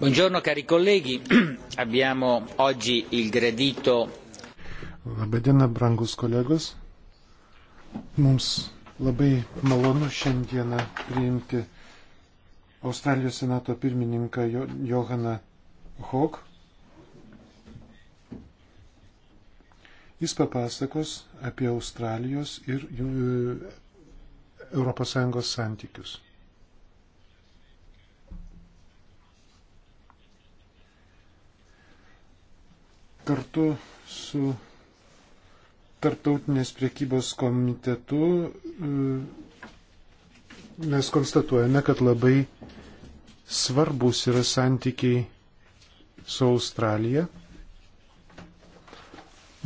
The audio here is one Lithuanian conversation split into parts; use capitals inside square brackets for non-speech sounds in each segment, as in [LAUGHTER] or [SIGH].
Buongiorno cari colleghi, [CLEARS THROAT] abbiamo oggi il gradito. Labadiena, brangus kolegos. Mums labai malonu šiandieną priimti Australijos senato pirmininką Johaną Hawk. Jis papasakos apie Australijos ir ES santykius. kartu su Tartautinės priekybos komitetu e, mes konstatuojame, kad labai svarbus yra santykiai su Australija,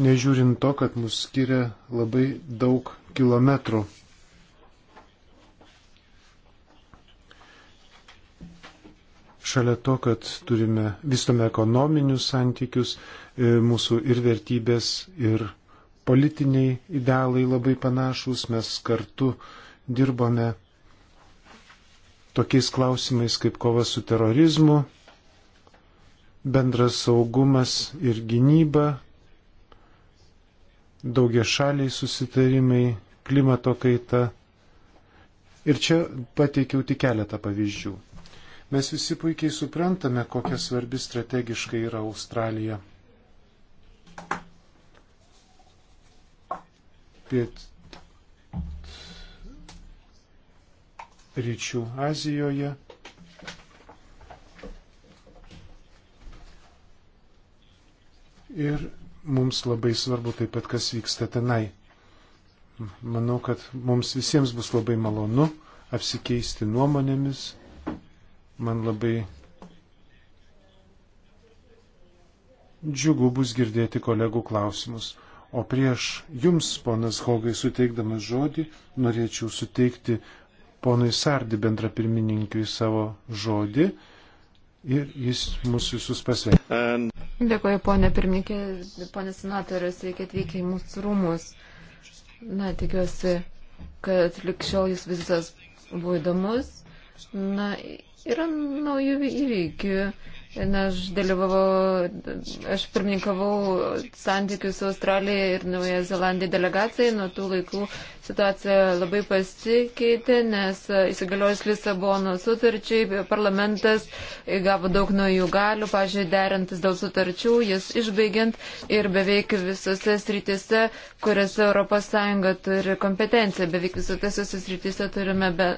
nežiūrint to, kad mus skiria labai daug kilometrų. Šalia to, kad turime, vystome ekonominius santykius, E, mūsų ir vertybės, ir politiniai idealai labai panašus, mes kartu dirbome tokiais klausimais kaip kova su terorizmu, bendras saugumas ir gynyba, daugia šaliai susitarimai, klimato kaita. Ir čia pateikiau tik keletą pavyzdžių. Mes visi puikiai suprantame, kokia svarbi strategiškai yra Australija Piet ryčių Azijoje. Ir mums labai svarbu taip pat, kas vyksta tenai. Manau, kad mums visiems bus labai malonu apsikeisti nuomonėmis. Man labai Džiugu bus girdėti kolegų klausimus. O prieš jums, ponas Hogai, suteikdamas žodį, norėčiau suteikti ponui Sardi bendra pirmininkui savo žodį ir jis mūsų visus pasveikina. Dėkuoju, ponė pirmininkė, ponė senatorius, reikia atvykę į mūsų rūmus. Na, tikiuosi, kad likščiau jis visas buvo įdomus. Na, yra naujų įvykių. Na, aš dalyvavau, aš pirmininkavau santykių su Australija ir Nauja Zelandija delegacijai. Nuo tų laikų situacija labai pasikeitė, nes įsigaliojus Lisabono sutarčiai parlamentas gavo daug naujų galių, pažiūrėjau, derintis dėl sutarčių, jas išbaigiant ir beveik visose srityse, kuriuose ES turi kompetenciją, beveik visose srityse turime be,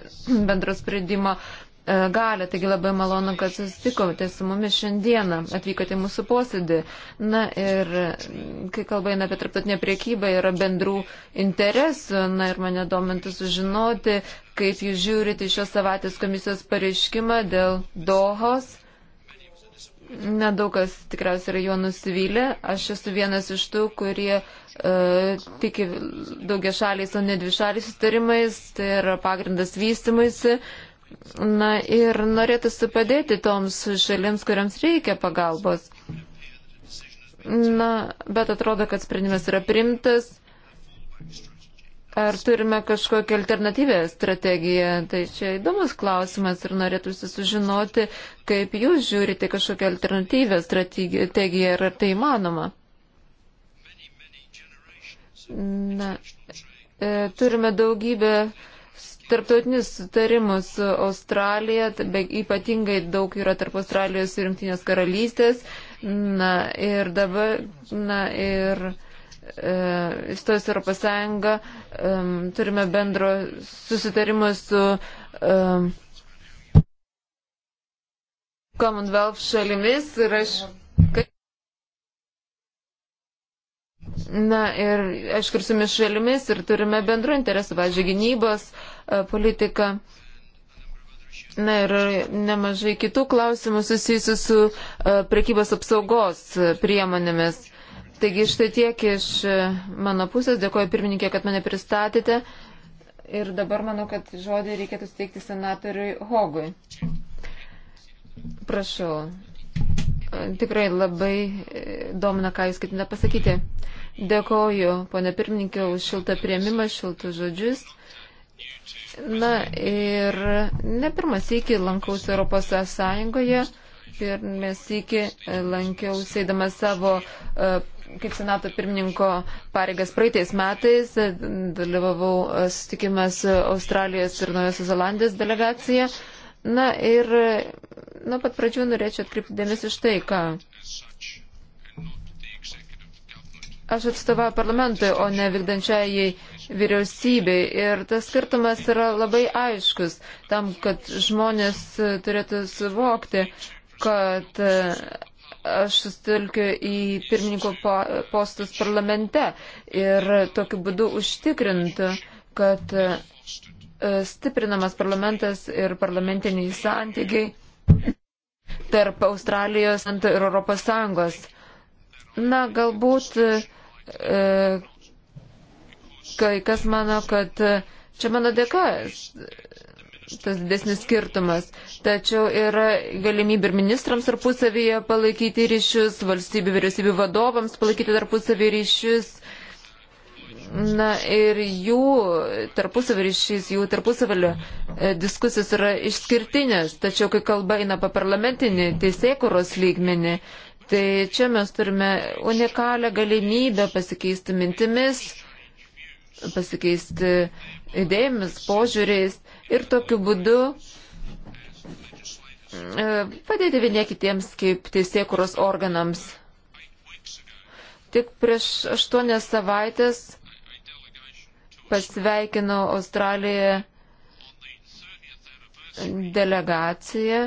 bendro sprendimo E, galę. Taigi labai malonu, kad susitikote su mumis šiandieną, atvykote į mūsų posėdį. Na ir kai kalba eina apie tarptautinę priekybą, yra bendrų interesų. Na ir mane domintų sužinoti, kaip jūs žiūrite šios savaitės komisijos pareiškimą dėl Dohos. Nedaug kas tikriausiai yra juo nusivylę. Aš esu vienas iš tų, kurie e, tiki daugia šaliais, o ne dvi šaliais sustarimais, tai yra pagrindas vystimuisi. Na ir norėtųsi padėti toms šalims, kuriams reikia pagalbos. Na, bet atrodo, kad sprendimas yra primtas. Ar turime kažkokią alternatyvę strategiją? Tai čia įdomus klausimas ir norėtųsi sužinoti, kaip jūs žiūrite kažkokią alternatyvę strategiją ir ar tai įmanoma. Na, e, turime daugybę tarptautinius sutarimus su Australija, ypatingai daug yra tarp Australijos ir Junktinės karalystės. Na ir dabar, na ir e, įstojus e, Europos Sąjungą, e, turime bendro susitarimą su e, Commonwealth šalimis ir aš. Kaip, Na ir aišku, ir su mišalimis ir turime bendrų interesų, važiuoju, gynybos, uh, E, politiką. Na ir nemažai kitų klausimų susijusių su e, prekybos apsaugos priemonėmis. Taigi štai tiek iš e, mano pusės. Dėkoju pirmininkė, kad mane pristatėte. Ir dabar manau, kad žodį reikėtų steigti senatoriui Hogui. Prašau. Tikrai labai domina, ką jūs ketinate pasakyti. Dėkoju, ponė pirmininkė, už šiltą prieimimą, šiltus žodžius. Na ir ne pirmas iki lankausi Europos Sąjungoje, pirmas iki e, lankiausi eidamas savo e, kaip senato pirmininko pareigas praeitais metais, e, dalyvavau sutikime su Australijos ir Naujosios Zelandijos delegacija. Na ir nuo pat pradžių norėčiau atkreipti dėmesį iš tai, ką. Aš atstovauju parlamentui, o ne vykdančiai vyriausybei. Ir tas skirtumas yra labai aiškus tam, kad žmonės turėtų suvokti, kad e, aš sustilkiu į pirmininko postus parlamente ir tokiu būdu užtikrintų, kad e, stiprinamas parlamentas ir parlamentiniai santykiai tarp Australijos ir Europos Sąjungos. Na, galbūt e, kai kas mano, kad čia mano dėka tas didesnis skirtumas. Tačiau yra galimybė ir ministrams tarpusavyje palaikyti ryšius, valstybių vyriausybių vadovams palaikyti tarpusavį ryšius. Na ir jų tarpusavį ryšys, jų tarpusavilio e, diskusijos yra išskirtinės, tačiau kai kalba eina apie parlamentinį teisėkuros lygmenį, tai čia mes turime unikalią galimybę pasikeisti mintimis pasikeisti idėjomis, požiūriais ir tokiu būdu e, padėti vieni kitiems kaip teisėkuros organams. Tik prieš aštuonias savaitės pasveikinau Australiją delegaciją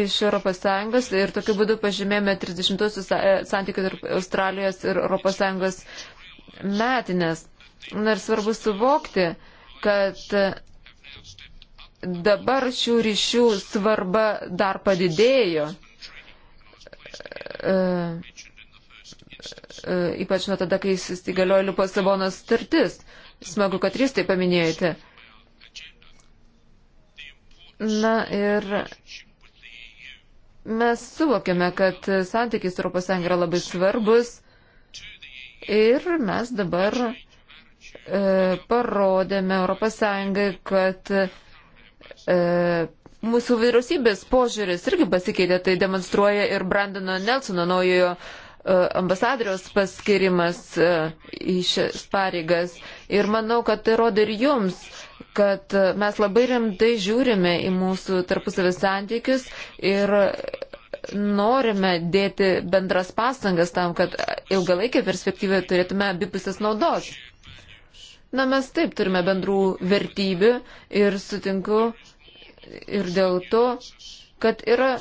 iš ES ir tokiu būdu pažymėjome 30-osius santykių tarp Australijos ir ES metinės. Na ir svarbu suvokti, kad dabar šių ryšių svarba dar padidėjo, e, e, ypač nuo tada, kai įsigaliojo Liupasabonos startis. Smagu, kad jūs tai paminėjote. Na ir mes suvokiame, kad santykis Europos Sąjunga yra labai svarbus Ir mes dabar e, parodėme ES, kad e, mūsų vyriausybės požiūris irgi pasikeitė, tai demonstruoja ir Brandono Nelsono naujojo e, ambasadoriaus paskirimas e, į šias pareigas. Ir manau, kad tai rodo ir jums, kad e, mes labai rimtai žiūrime į mūsų tarpusavės santykius ir norime dėti bendras pastangas tam, kad ilgalaikė perspektyvė turėtume abipusės naudos. Na, mes taip turime bendrų vertybių ir sutinku ir dėl to, kad yra,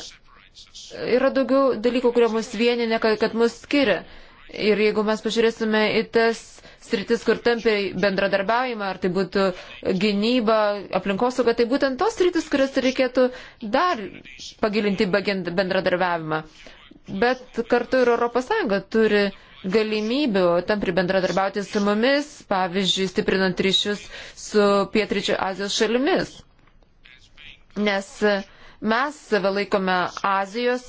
yra daugiau dalykų, kurie mus vieninė, kad mus skiria. Ir jeigu mes pažiūrėsime į tas sritis, kur tampiai bendradarbiaujama, ar tai būtų gynyba, aplinkosauga, tai būtent tos sritis, kurias reikėtų dar pagilinti bendradarbiavimą. Bet kartu ir ES turi galimybių tampri bendradarbiauti su mumis, pavyzdžiui, stiprinant ryšius su Pietričio Azijos šalimis. Nes mes save laikome Azijos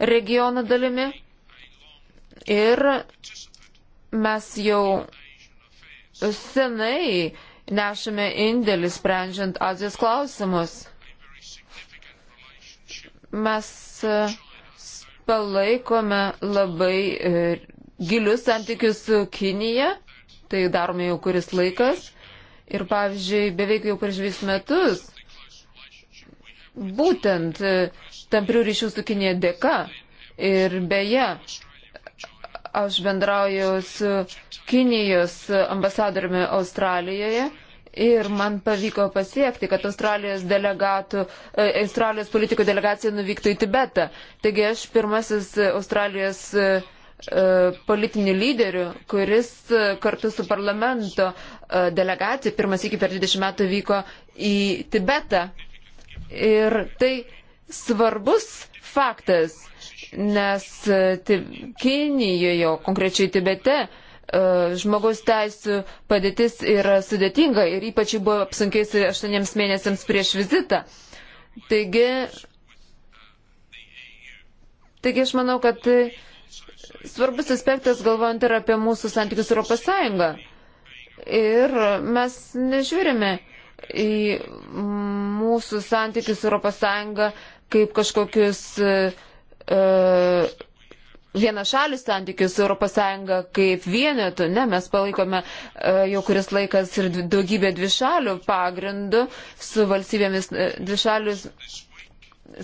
regiono dalimi ir mes jau senai nešame indėlį sprendžiant Azijos klausimus. Mes e, palaikome labai e, gilius santykius su Kinija, tai darome jau kuris laikas. Ir pavyzdžiui, beveik jau prieš vis metus, būtent e, tamprių ryšių su Kinija dėka. Ir beje, aš bendrauju su Kinijos ambasadoriumi Australijoje. Ir man pavyko pasiekti, kad Australijos, delegatų, e, Australijos politikų delegacija nuvyktų į Tibetą. Taigi aš pirmasis Australijos e, e, politinių lyderių, kuris kartu su parlamento delegacija pirmas iki per 20 metų vyko į Tibetą. Ir tai svarbus faktas, nes Kinijoje, konkrečiai Tibete, E, žmogaus teisų padėtis yra sudėtinga ir ypač buvo apsunkėjusi aštuoniems mėnesiams prieš vizitą. Taigi, taigi aš manau, kad svarbus aspektas galvojant ir apie mūsų santykius Europos Sąjungą. Ir mes nežiūrime į mūsų santykius Europos Sąjungą kaip kažkokius uh, vienašalius santykius su ES kaip vienetu. Ne, mes palaikome e, jau kuris laikas ir daugybę dvišalių pagrindų su valstybėmis, e, dvišalius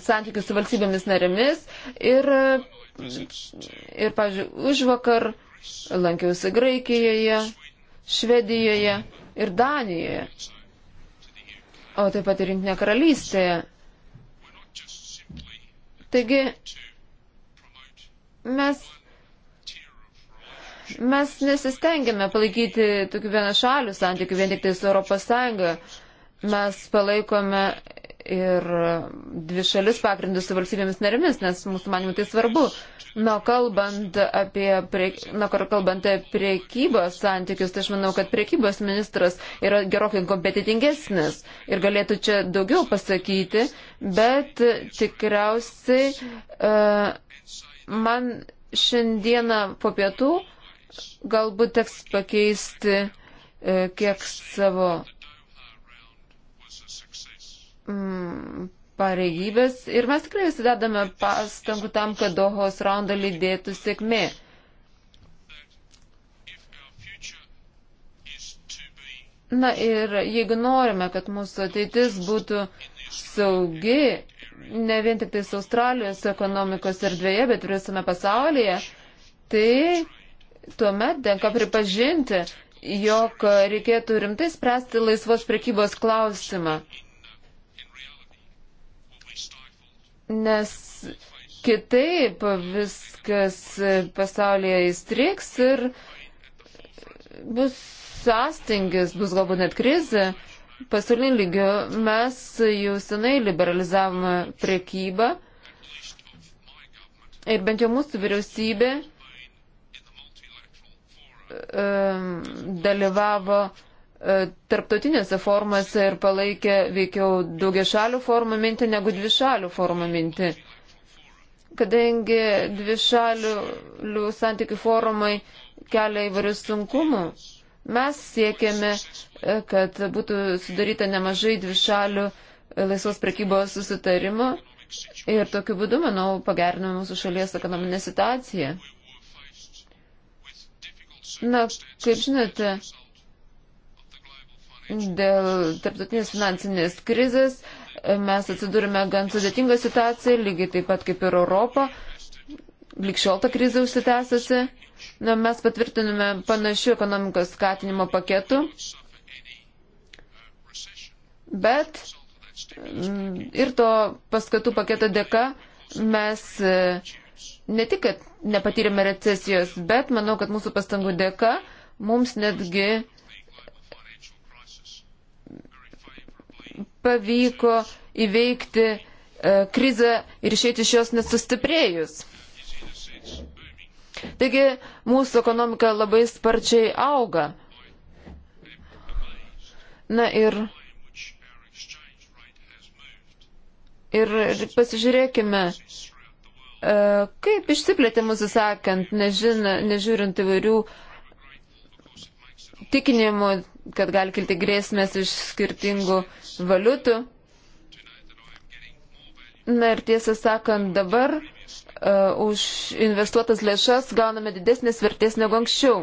santykius su valstybėmis narėmis. Ir, ir pavyzdžiui, už vakar lankiausi Graikijoje, Švedijoje ir Danijoje. O taip pat ir Junktinė karalystėje. Taigi, Mes, mes nesistengėme palaikyti tokių vienašalių santykių vien tik tai su Europos Sąjunga. Mes palaikome ir dvi šalis pagrindus su valstybėmis narėmis, nes mūsų manimu tai svarbu. Na, kalbant apie, prie, na, kalbant apie priekybos santykius, tai aš manau, kad priekybos ministras yra gerokai kompetitingesnis ir galėtų čia daugiau pasakyti, bet tikriausiai. Uh, Man šiandieną po pietų galbūt teks pakeisti e, kiek savo mm, pareigybės ir mes tikrai visi dedame pastangų tam, kad Dohos raundą lydėtų sėkmė. Na ir jeigu norime, kad mūsų ateitis būtų saugi ne vien tik tais Australijos ekonomikos erdvėje, bet ir visame pasaulyje, tai tuomet tenka pripažinti, jog reikėtų rimtai spręsti laisvos prekybos klausimą. Nes kitaip viskas pasaulyje įstriks ir bus sąstingis, bus galbūt net krizė. Pasaulinį lygio mes jau senai liberalizavome prekybą ir bent jau mūsų vyriausybė dalyvavo e, tarptautinėse formose ir palaikė veikiau daugia šalių formą mintį negu dvi šalių formą mintį. Kadangi dvi šalių santykių forumai kelia įvairius sunkumus Mes siekiame, e, kad būtų sudaryta nemažai dvišalių e, laisvos prekybos susitarimo ir tokiu būdu, manau, pagerinome mūsų šalies ekonominę situaciją. Na, kaip žinote, dėl tarptautinės finansinės krizės e, mes atsidūrime gan sudėtingą situaciją, lygiai taip pat kaip ir Europą likščiol ta krizė užsitęsiasi. Na, mes patvirtinome panašių ekonomikos skatinimo paketų, bet mm, ir to paskatų paketo dėka mes e, ne tik, kad nepatyrėme recesijos, bet manau, kad mūsų pastangų dėka mums netgi pavyko įveikti e, krizę ir išėti iš jos nesustiprėjus. Taigi mūsų ekonomika labai sparčiai auga. Na ir, ir pasižiūrėkime, e, kaip išsiplėtė mūsų sakant, nežina, nežiūrint įvairių tikinimų, kad gali kilti grėsmės iš skirtingų valiutų. Na ir tiesą sakant, dabar Uh, už investuotas lėšas gauname didesnės vertės negu anksčiau.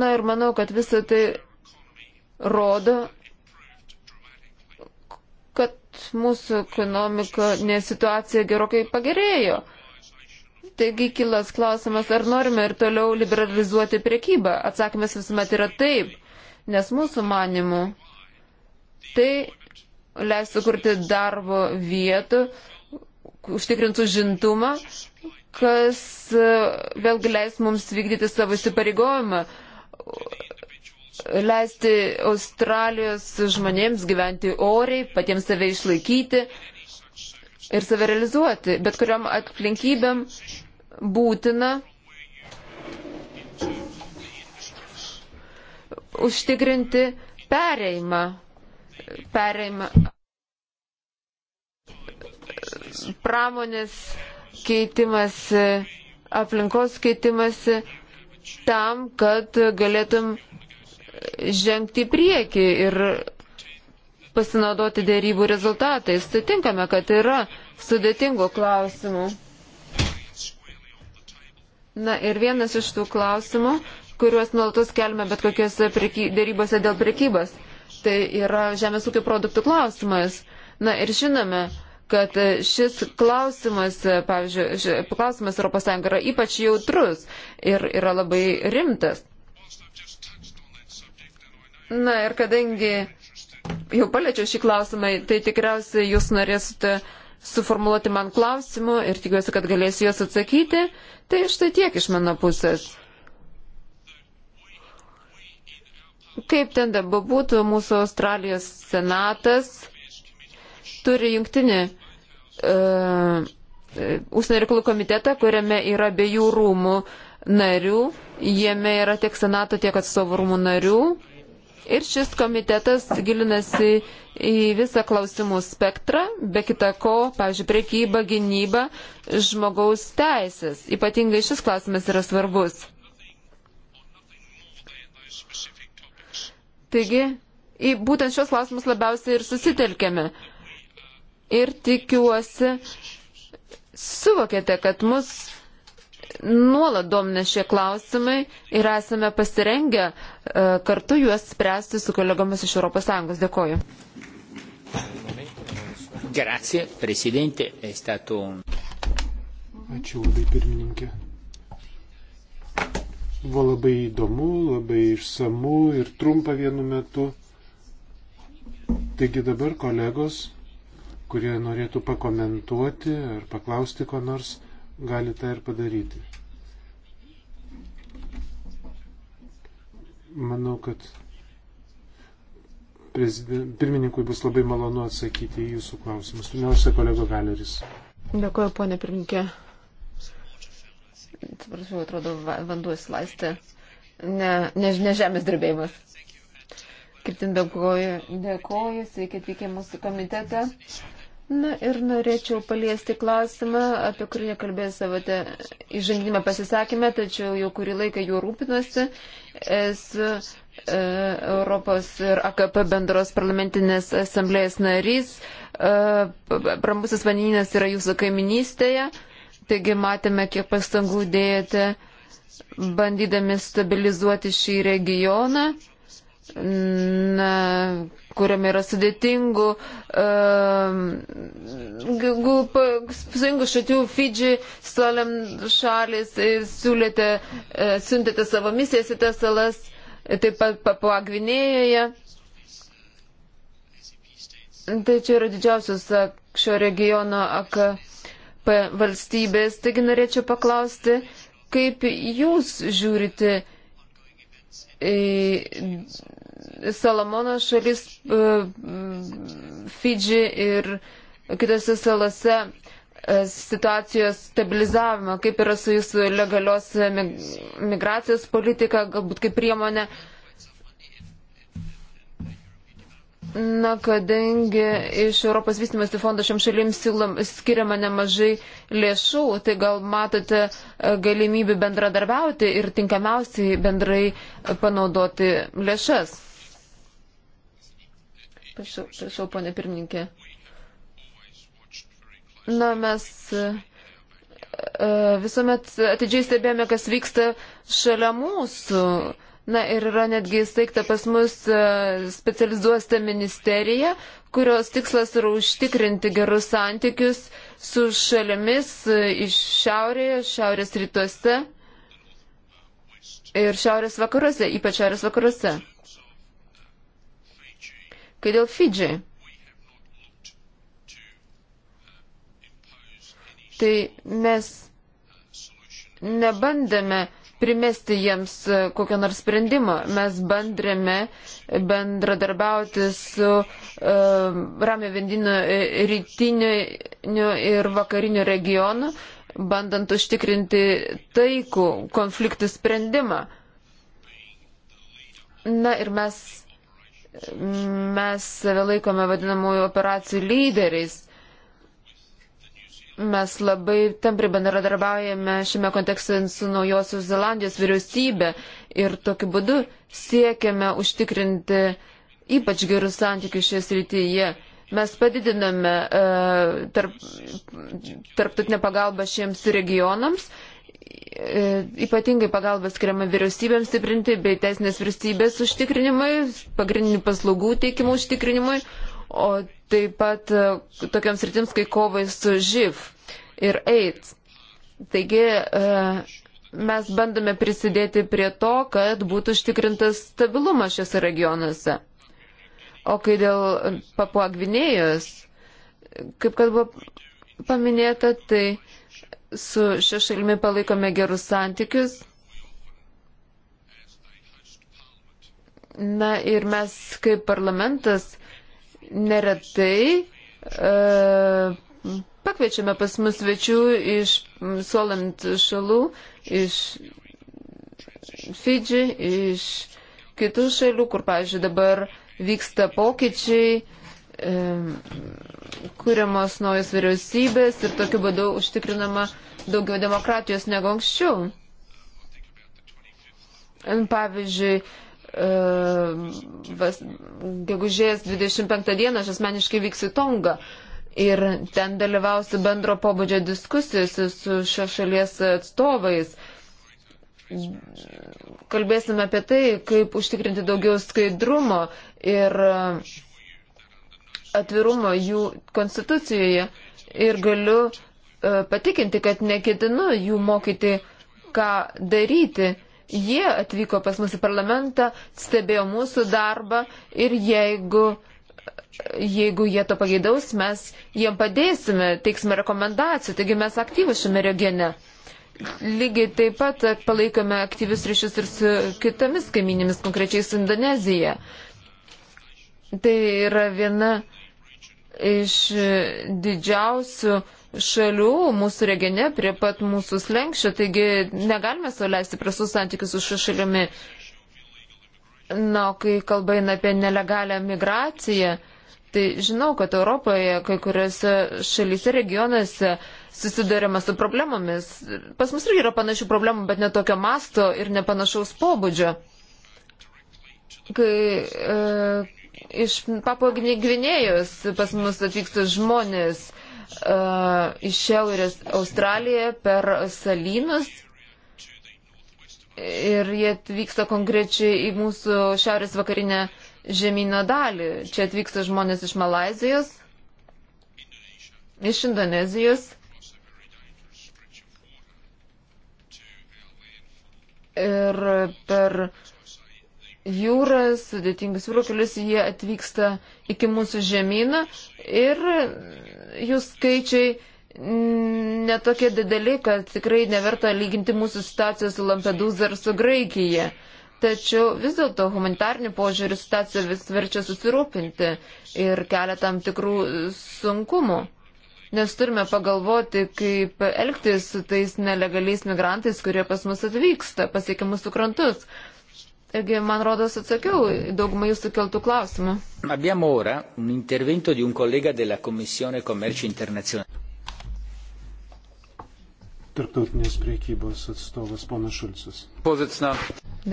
Na ir manau, kad visą tai rodo, kad mūsų ekonominė situacija gerokai pagerėjo. Taigi kilas klausimas, ar norime ir toliau liberalizuoti priekybą. Atsakymas visuomet yra taip, nes mūsų manimų tai leis sukurti darbo vietų, užtikrintų žintumą, kas e, vėlgi leis mums vykdyti savo įsipareigojimą, leisti Australijos žmonėms gyventi oriai, patiems save išlaikyti ir save realizuoti. Bet kuriam aplinkybėm būtina užtikrinti pereimą perėjimą pramonės keitimas, aplinkos keitimas tam, kad galėtum žengti į priekį ir pasinaudoti dėrybų rezultatais. Sutinkame, kad yra sudėtingų klausimų. Na ir vienas iš tų klausimų, kuriuos nuolatos kelme bet kokiuose dėrybose dėl prekybos tai yra žemės ūkio produktų klausimas. Na ir žinome, kad šis klausimas, pavyzdžiui, šis klausimas ES yra ypač jautrus ir yra labai rimtas. Na ir kadangi jau paliečiau šį klausimą, tai tikriausiai jūs norėsite suformuoluoti man klausimų ir tikiuosi, kad galėsiu juos atsakyti. Tai štai tiek iš mano pusės. Kaip ten dabar būtų, mūsų Australijos senatas turi jungtinį uh, užsienio reikalų komitetą, kuriame yra abiejų rūmų narių, jame yra tiek senato, tiek atstovų rūmų narių. Ir šis komitetas gilinasi į visą klausimų spektrą, be kita ko, pavyzdžiui, priekyba, gynyba, žmogaus teisės. Ypatingai šis klausimas yra svarbus. Taigi, į būtent šios klausimus labiausiai ir susitelkėme. Ir tikiuosi, suvokėte, kad mus nuolat domina šie klausimai ir esame pasirengę e, kartu juos spręsti su kolegomis iš ES. Dėkoju. Grazie, Presidente, è stato. Ačiū labai pirmininkė. Buvo labai įdomu, labai išsamu ir trumpa vienu metu. Taigi dabar kolegos, kurie norėtų pakomentuoti ar paklausti ko nors, gali tą ir padaryti. Manau, kad pirmininkui bus labai malonu atsakyti į jūsų klausimus. Pirmiausia, kolego Galeris. Dėkuoju, ponė pirmininkė atsiprašau, atrodo, vanduo įsilaistė. Ne, ne, ne žemės drebėjimas. Kirtin dėkoju, dėkoju, sveiki atvykę mūsų komitetą. Na ir norėčiau paliesti klausimą, apie kurį nekalbėjau savo įžanginimą pasisakymę, tačiau jau kurį laiką juo rūpinosi. Esu e, Europos ir AKP bendros parlamentinės asamblėjas narys. E, Prambusis vanininas yra jūsų kaiminystėje. E, Taigi matėme, kiek pastangų dėjate, bandydami stabilizuoti šį regioną, na, kuriame yra sudėtingų, uh, sudėtingų šatių Fidži, Salem šalis ir e, siūlėte, uh, siuntėte savo misijas į tas salas, e, taip pat Papua Gvinėjoje. Tai čia yra didžiausios šio regiono AK valstybės. Taigi norėčiau paklausti, kaip jūs žiūrite į Salamono šalis, e, Fidži ir kitose salose e, situacijos stabilizavimą, kaip yra su jūsų legalios migracijos politika, galbūt kaip priemonė uh, Na, kadangi iš Europos vystimosi fondo šiam šalims skiriama nemažai lėšų, tai gal matote e, galimybių bendradarbiauti ir tinkamiausiai bendrai panaudoti lėšas. Prašau, prašau ponė pirmininkė. Na, mes e, e, visuomet atidžiai stebėjome, kas vyksta šalia mūsų Na ir yra netgi įsteigta pas mus e, specializuosta ministerija, kurios tikslas yra užtikrinti gerus santykius su šalimis e, iš šiaurėje, šiaurės rytuose ir šiaurės vakaruose, ypač šiaurės vakaruose. Kai dėl Fidži. Tai mes nebandėme uh, primesti jiems e, kokią nors sprendimą. Mes bandrėme bendradarbiauti su uh, Ramio Vendino e, rytiniu ir vakariniu regionu, bandant užtikrinti taikų konfliktų sprendimą. Na ir mes, mes save laikome vadinamųjų operacijų lyderiais. Mes labai tampriai bendradarbiaujame šiame kontekste su Naujosios Zelandijos vyriausybė ir tokiu būdu siekiame užtikrinti ypač gerus santykius šioje srityje. Mes padidiname uh, tarp, tarptautinę pagalbą šiems regionams, e, ypatingai pagalba skiriama vyriausybėms stiprinti bei teisinės virstybės užtikrinimui, pagrindinių paslaugų teikimų užtikrinimui, o taip pat e, tokiams rytims, kai kovai su živ ir AIDS. Taigi e, mes bandome prisidėti prie to, kad būtų užtikrintas stabilumas šiuose regionuose. O kai dėl papuagvinėjos, kaip kad buvo paminėta, tai su šia šalimi palaikome gerus santykius. Na ir mes kaip parlamentas neretai e, pakviečiame pas mus svečių iš Solent šalų, iš Fidži, iš kitų šalių, kur, pavyzdžiui, dabar vyksta pokyčiai, e, kuriamos naujos vyriausybės ir tokiu būdu užtikrinama daugiau demokratijos negu anksčiau. Pavyzdžiui, E, gegužės 25 dieną aš asmeniškai vyksiu Tongą. Ir ten dalyvausiu bendro pobūdžio diskusijose su šios šalies atstovais. Kalbėsime apie tai, kaip užtikrinti daugiau skaidrumo ir atvirumo jų konstitucijoje. Ir galiu e, patikinti, kad neketinu jų mokyti, ką daryti Jie atvyko pas mūsų parlamentą, stebėjo mūsų darbą ir jeigu, jeigu jie to pageidaus, mes jiem padėsime, teiksime rekomendacijų, taigi mes aktyvus šiame regione. Lygiai taip pat palaikome aktyvius ryšius ir su kitomis kaiminėmis, konkrečiai su Indonezija. Tai yra viena iš didžiausių šalių mūsų regione prie pat mūsų slengščio, taigi negalime sauliaisti prasų santykių su šia šalimi. Na, kai kalba eina apie nelegalią migraciją, tai žinau, kad Europoje, kai kuriuose šalyse regionuose susidurėme su problemomis. Pas mus irgi yra panašių problemų, bet netokio masto ir nepanašaus pobūdžio. Kai, e, iš Papo Gvinėjos pas mus atvyksta žmonės, e, iš šiaurės Australiją per salynus. Ir jie atvyksta konkrečiai į mūsų šiaurės vakarinę žemyną dalį. Čia atvyksta žmonės iš Malazijos, iš Indonezijos. Ir per jūrą, sudėtingus jūrokelius jie atvyksta iki mūsų žemyną ir jų skaičiai netokie dideli, kad tikrai neverta lyginti mūsų situacijos su Lampedusa ar su Graikija. Tačiau vis dėlto humanitarnių požiūrių situacija vis verčia susirūpinti ir kelia tam tikrų sunkumų. Nes turime pagalvoti, kaip elgtis su tais nelegaliais migrantais, kurie pas mus atvyksta, pasiekia mūsų krantus. Taigi, man rodos, atsakiau daugumą jūsų keltų klausimų. Abbiamo ora un intervento di un collega della Commissione Commercio Internazionale. Tarptautinės priekybos atstovas ponas Šulcis. Pozicina.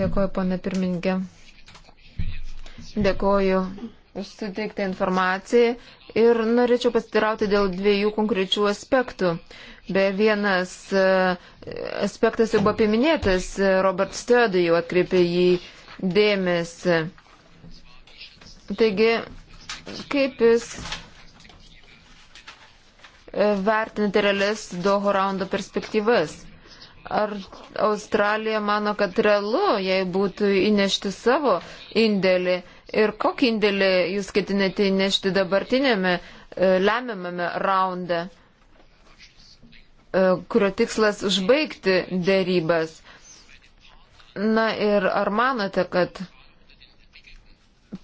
Dėkoju, ponė pirmininkė. Dėkoju už suteiktą informaciją ir norėčiau pasitirauti dėl dviejų konkrečių aspektų. Uh, Be vienas e, aspektas jau buvo paminėtas, e, Robert Stöd jau atkreipė jį dėmesį. Taigi, kaip jūs e, vertinate realias Doho raundo perspektyvas? Ar Australija mano, kad realu, jei būtų įnešti savo indėlį ir kokį indėlį jūs ketinate įnešti dabartinėme lemiamame raunde? E, kurio tikslas užbaigti dėrybas. Na ir ar manote, kad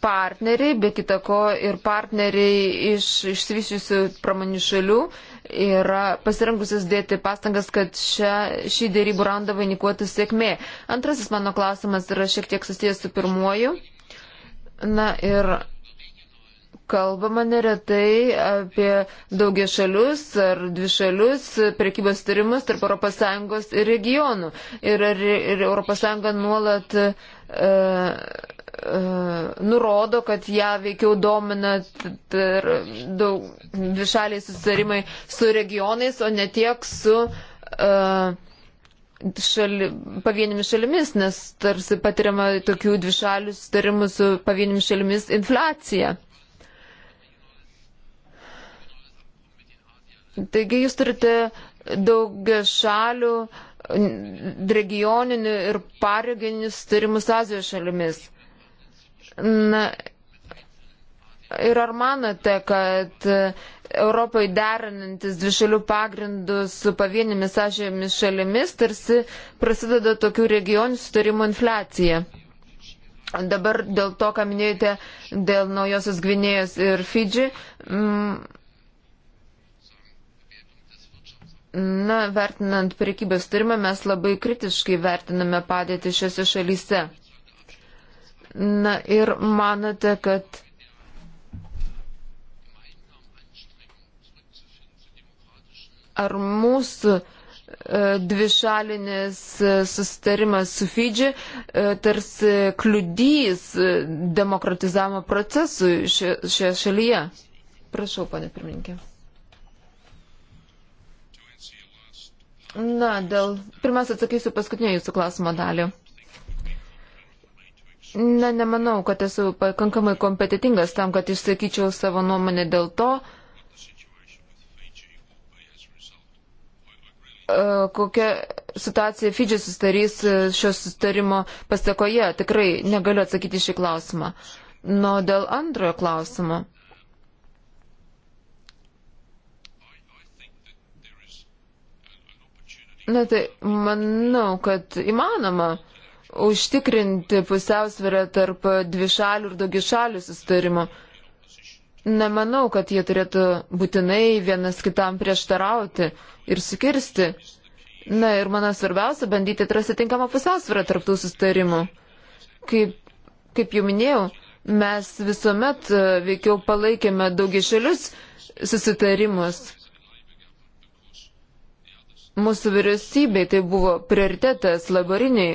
partneriai, be kitako ir partneriai iš išsivyščiusių pramonių šalių yra pasirengusios dėti pastangas, kad šią, šį dėrybų randą vainikuotų sėkmė. Antrasis mano klausimas yra šiek tiek susijęs su pirmuoju. Na ir kalbama neretai apie daugia šalius ar dvišalius prekybos turimus tarp ES ir regionų. Ir, ir ES nuolat e, e, nurodo, kad ją veikiau domina daug dvišaliai susitarimai su regionais, o ne tiek su. E, šali, pavienimis šalimis, nes tarsi patiriama tokių dvišalių sutarimų su pavienimis šalimis infliacija. Taigi jūs turite daugia šalių, regioninių ir pareiginius turimus Azijos šalimis. Na, ir ar manote, kad Europai derinantis dvišalių pagrindų su pavienimis Azijos šalimis tarsi prasideda tokių regionų sutarimų infliacija? Dabar dėl to, ką minėjote, dėl naujosios Gvinėjos ir Fidži, mm, Na, vertinant priekybės turimą, mes labai kritiškai vertiname padėtį šiose šalyse. Na ir manote, kad. Ar mūsų e, dvišalinis e, sustarimas su Fidži e, tarsi kliudys demokratizavimo procesui šioje šalyje? Prašau, pane pirmininkė. Na, dėl. Pirmiausia, atsakysiu paskutinę jūsų klausimo dalį. Na, nemanau, kad esu pakankamai kompetitingas tam, kad išsakyčiau savo nuomonę dėl to, e, kokia situacija Fidži sustarys šio sustarimo pasakoje. Tikrai negaliu atsakyti šį klausimą. Nuo dėl antrojo klausimo. Na tai manau, kad įmanoma užtikrinti pusiausvyrę tarp dvišalių ir daugišalių sustarimo. Nemanau, kad jie turėtų būtinai vienas kitam prieštarauti ir sukirsti. Na ir mano svarbiausia bandyti atrasti tinkamą pusiausvyrą tarptų sustarimų. Kaip, kaip jau minėjau, mes visuomet e, veikiau palaikėme daugišalius susitarimus. Mūsų vyriausybei tai buvo prioritetas, laboriniai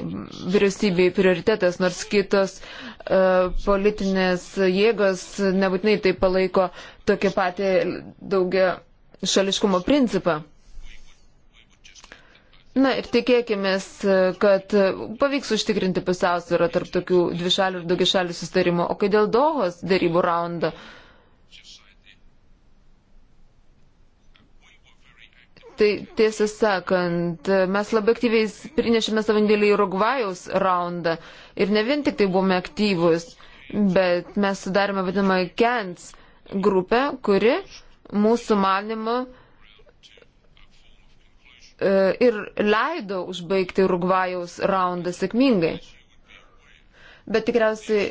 vyriausybei prioritetas, nors kitos uh, politinės jėgos nebūtinai tai palaiko tokį patį daugia šališkumo principą. Na ir tikėkime, kad pavyks užtikrinti pusiausvyrą tarp tokių dvišalių ir daugišalių sustarimų. O kai dėl Dohos darybų raundo, uh, Tai tiesą sakant, mes labai aktyviai prinešėme savo indėlį į Rugvajaus raundą ir ne vien tik tai buvome aktyvus, bet mes sudarėme vadinamą KENS grupę, kuri mūsų manimu e, ir leido užbaigti Rugvajaus raundą sėkmingai. Bet tikriausiai,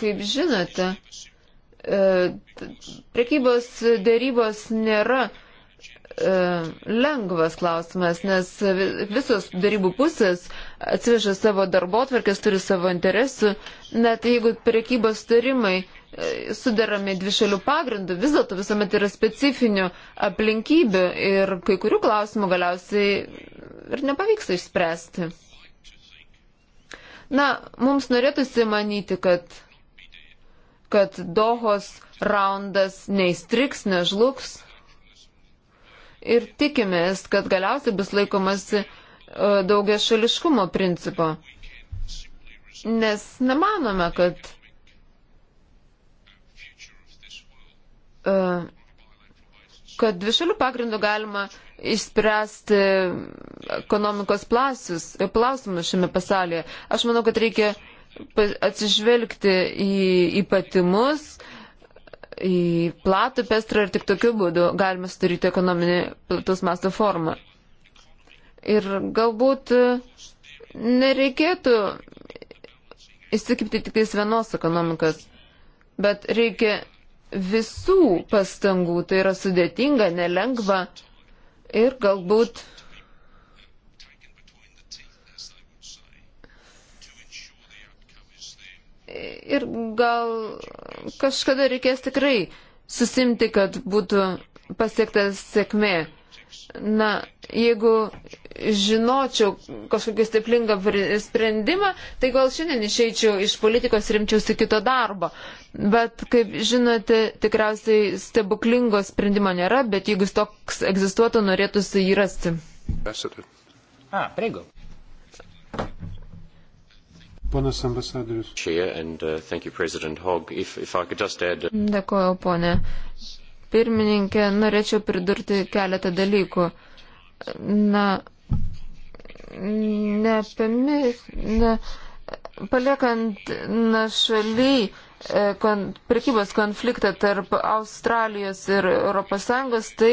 kaip žinote, e, prekybos dėrybos nėra E, lengvas klausimas, nes visos darybų pusės atsiveža savo darbotvarkės, turi savo interesų, net jeigu prekybos tarimai e, sudarami dvi šalių pagrindų, vis dėlto visuomet yra specifinių aplinkybių ir kai kurių klausimų galiausiai ir nepavyksta išspręsti. Na, mums norėtųsi manyti, kad, kad Dohos raundas neįstriks, nežlugs ir tikimės, kad galiausiai bus laikomasi e, daugia šališkumo principo. Nes nemanome, kad e, kad dvišalių pagrindų galima išspręsti ekonomikos plasius, klausimus šiame pasaulyje. Aš manau, kad reikia atsižvelgti į ypatimus, uh, į platų pestrą ir tik tokiu būdu galime sudaryti ekonominį platus masto formą. Ir galbūt e, nereikėtų įsikipti tik tais vienos ekonomikos, bet reikia visų pastangų, tai yra sudėtinga, nelengva ir galbūt ir gal kažkada reikės tikrai susimti, kad būtų pasiektas sėkmė. Na, jeigu žinočiau kažkokį stiplingą sprendimą, tai gal šiandien išeičiau iš politikos rimčiausi kito darbo. Bet, kaip žinote, tikriausiai stebuklingo sprendimo nėra, bet jeigu jis toks egzistuotų, norėtųsi jį rasti. Ah, prego. Ponas ambasadorius. Uh, uh, Dėkuoju, ponė. Pirmininkė, norėčiau pridurti keletą dalykų. Na, ne, ne paliekant na šaliai E, kon, prekybos konfliktą tarp Australijos ir ES, tai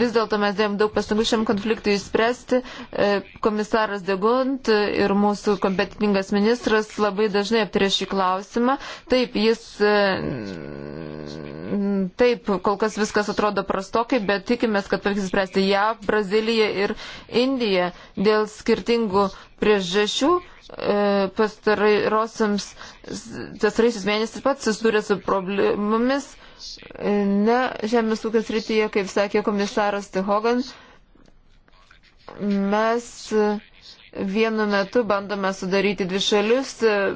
vis dėlto mes dėjom daug pastangų šiam konfliktui įspręsti. E, komisaras Degunt ir mūsų kompetitingas ministras labai dažnai aptarė šį klausimą. Taip, jis. E, taip, kol kas viskas atrodo prastokai, bet tikimės, kad pavyks įspręsti JAV, Braziliją ir Indiją dėl skirtingų priežasčių E, pastarosiams, pastarosiams mėnesiais pats susidūrė su problemomis, e, ne žemės ūkės rytyje, kaip sakė komisaras Tehogan, mes uh, vienu metu bandome sudaryti dvi šalius, e,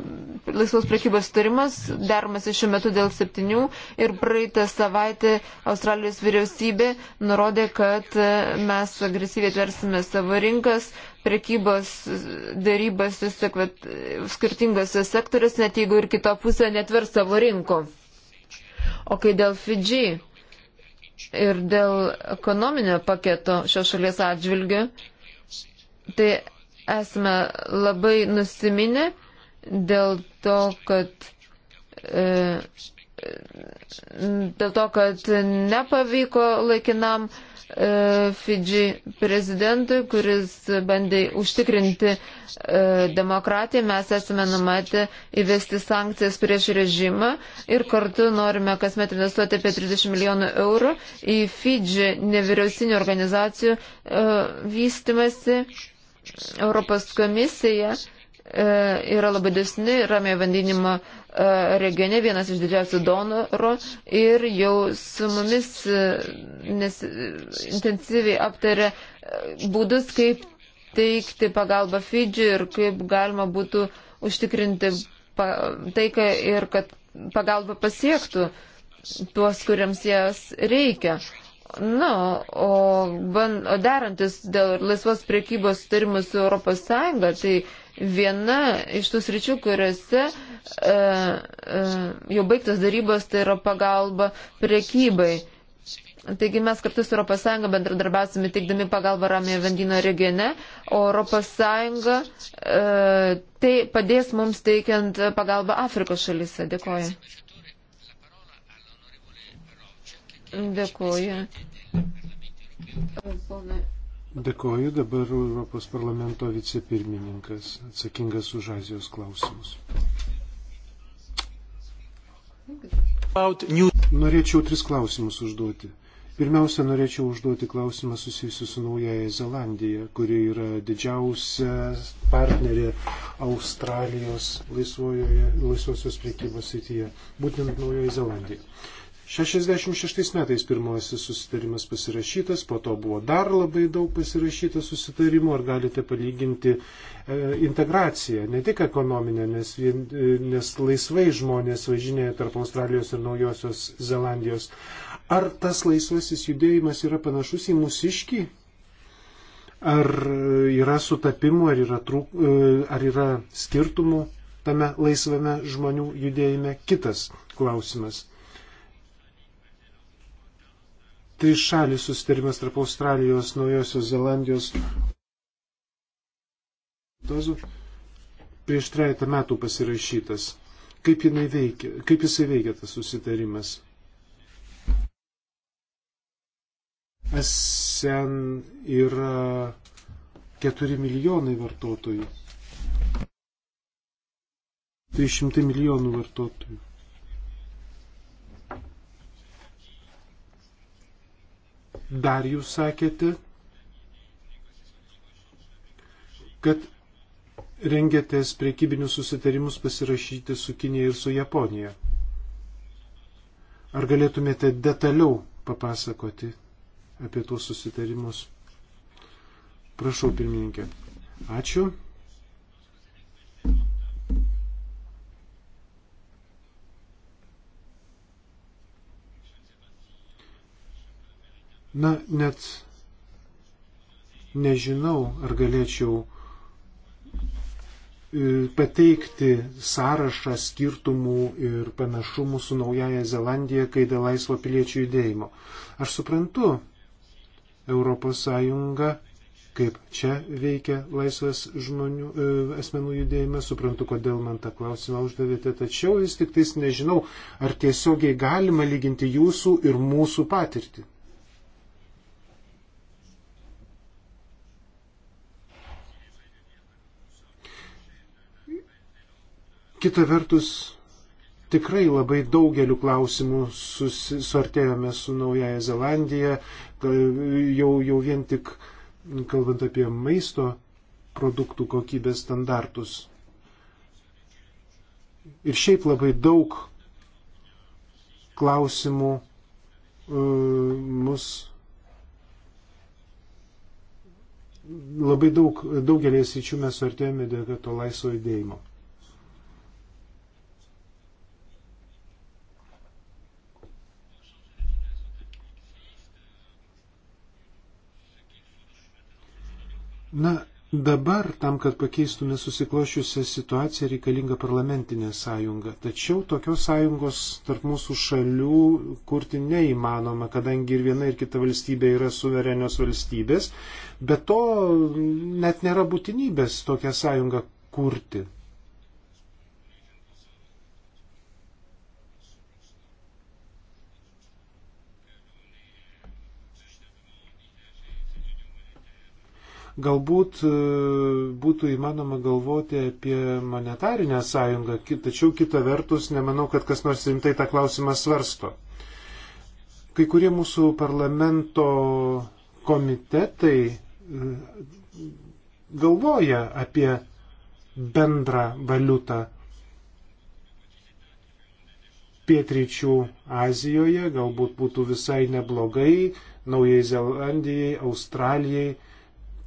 laisvos priekybos sutarimas, dermasi šiuo metu dėl septynių ir praeitą savaitę Australijos vyriausybė nurodė, kad e, mes agresyviai tversime savo rinkas, priekybos darybas skirtingose sektoriuose, net jeigu ir kita pusė netvers savo rinko. O kai dėl Fidži ir dėl ekonominio paketo šios šalies atžvilgių, Tai esame labai nusiminę dėl to, kad e, dėl to, kad nepavyko laikinam e, Fidži prezidentui, kuris bandė užtikrinti e, demokratiją. Mes esame numatę įvesti sankcijas prieš režimą ir kartu norime kasmet investuoti apie 30 milijonų eurų į Fidži nevyriausinių organizacijų e, vystimasi Europos komisija e, yra labai desni ramio vandenimo e, regione, vienas iš didžiausių donoro ir jau su mumis e, nes, intensyviai aptarė būdus, kaip teikti pagalbą Fidži ir kaip galima būtų užtikrinti taiką ir kad pagalba pasiektų tuos, kuriems jas reikia. Na, o, ban, o derantis dėl laisvos priekybos sutarimų su ES, tai viena iš tų sričių, kuriuose e, e, jau baigtas darybos, tai yra pagalba priekybai. Taigi mes kartu su ES bendradarbiausime teikdami pagalbą Ramėje Vandino regione, o ES e, tai padės mums teikiant pagalbą Afrikos šalyse. Dėkoju. Dėkuoju. Dėkuoju dabar Europos parlamento vicepirmininkas, atsakingas už Azijos klausimus. Norėčiau tris klausimus užduoti. Pirmiausia, norėčiau užduoti klausimą susijusiu su Naujaja Zelandija, kuri yra didžiausia partnerė Australijos laisvojoje, laisvosios priekybos srityje, būtent Naujoje Zelandijoje. 66 metais pirmasis susitarimas pasirašytas, po to buvo dar labai daug pasirašyta susitarimų, ar galite palyginti e, integraciją, ne tik ekonominę, nes, vien, e, nes laisvai žmonės važinėja tarp Australijos ir Naujosios Zelandijos. Ar tas laisvasis judėjimas yra panašus į mūsiškį? Ar e, yra sutapimų, ar yra, trūk, e, ar yra skirtumų tame laisvame žmonių judėjime? Kitas klausimas trišalis susitarimas tarp Australijos, Naujosios Zelandijos. Prieš trejata metų pasirašytas. Kaip, veikia, kaip jisai veikia tas susitarimas? ASEAN yra 4 milijonai vartotojų. 300 milijonų vartotojų. Dar jūs sakėte, kad rengėtės priekybinius susitarimus pasirašyti su Kinija ir su Japonija. Ar galėtumėte detaliau papasakoti apie tuos susitarimus? Prašau, pirmininkė. Ačiū. Na, net nežinau, ar galėčiau e, pateikti sąrašą skirtumų ir panašumų su Naujaja Zelandija, kai dėl laisvo piliečių judėjimo. Aš suprantu, ES kaip čia veikia laisvas žmonių, e, asmenų judėjimas, suprantu, kodėl man tą klausimą uždavėte, tačiau vis tik tais nežinau, ar tiesiogiai galima lyginti jūsų ir mūsų patirtį. Kita vertus, tikrai labai daugeliu klausimų susisortėjome su Naujaja Zelandija, jau, jau vien tik kalbant apie maisto produktų kokybės standartus. Ir šiaip labai daug klausimų uh, mus labai daug, daugelės ryčių mes suartėjome dėl to laisvo judėjimo. Na, dabar tam, kad pakeistume susiklošiusią situaciją, reikalinga parlamentinė sąjunga. Tačiau tokios sąjungos tarp mūsų šalių kurti neįmanoma, kadangi ir viena ir kita valstybė yra suverenios valstybės, bet to net nėra būtinybės tokią sąjungą kurti. Galbūt e, būtų įmanoma galvoti apie monetarinę sąjungą, tačiau kita vertus nemanau, kad kas nors rimtai tą klausimą svarsto. Kai kurie mūsų parlamento komitetai e, galvoja apie bendrą valiutą pietryčių Azijoje, galbūt būtų visai neblogai Naujai Zelandijai, Australijai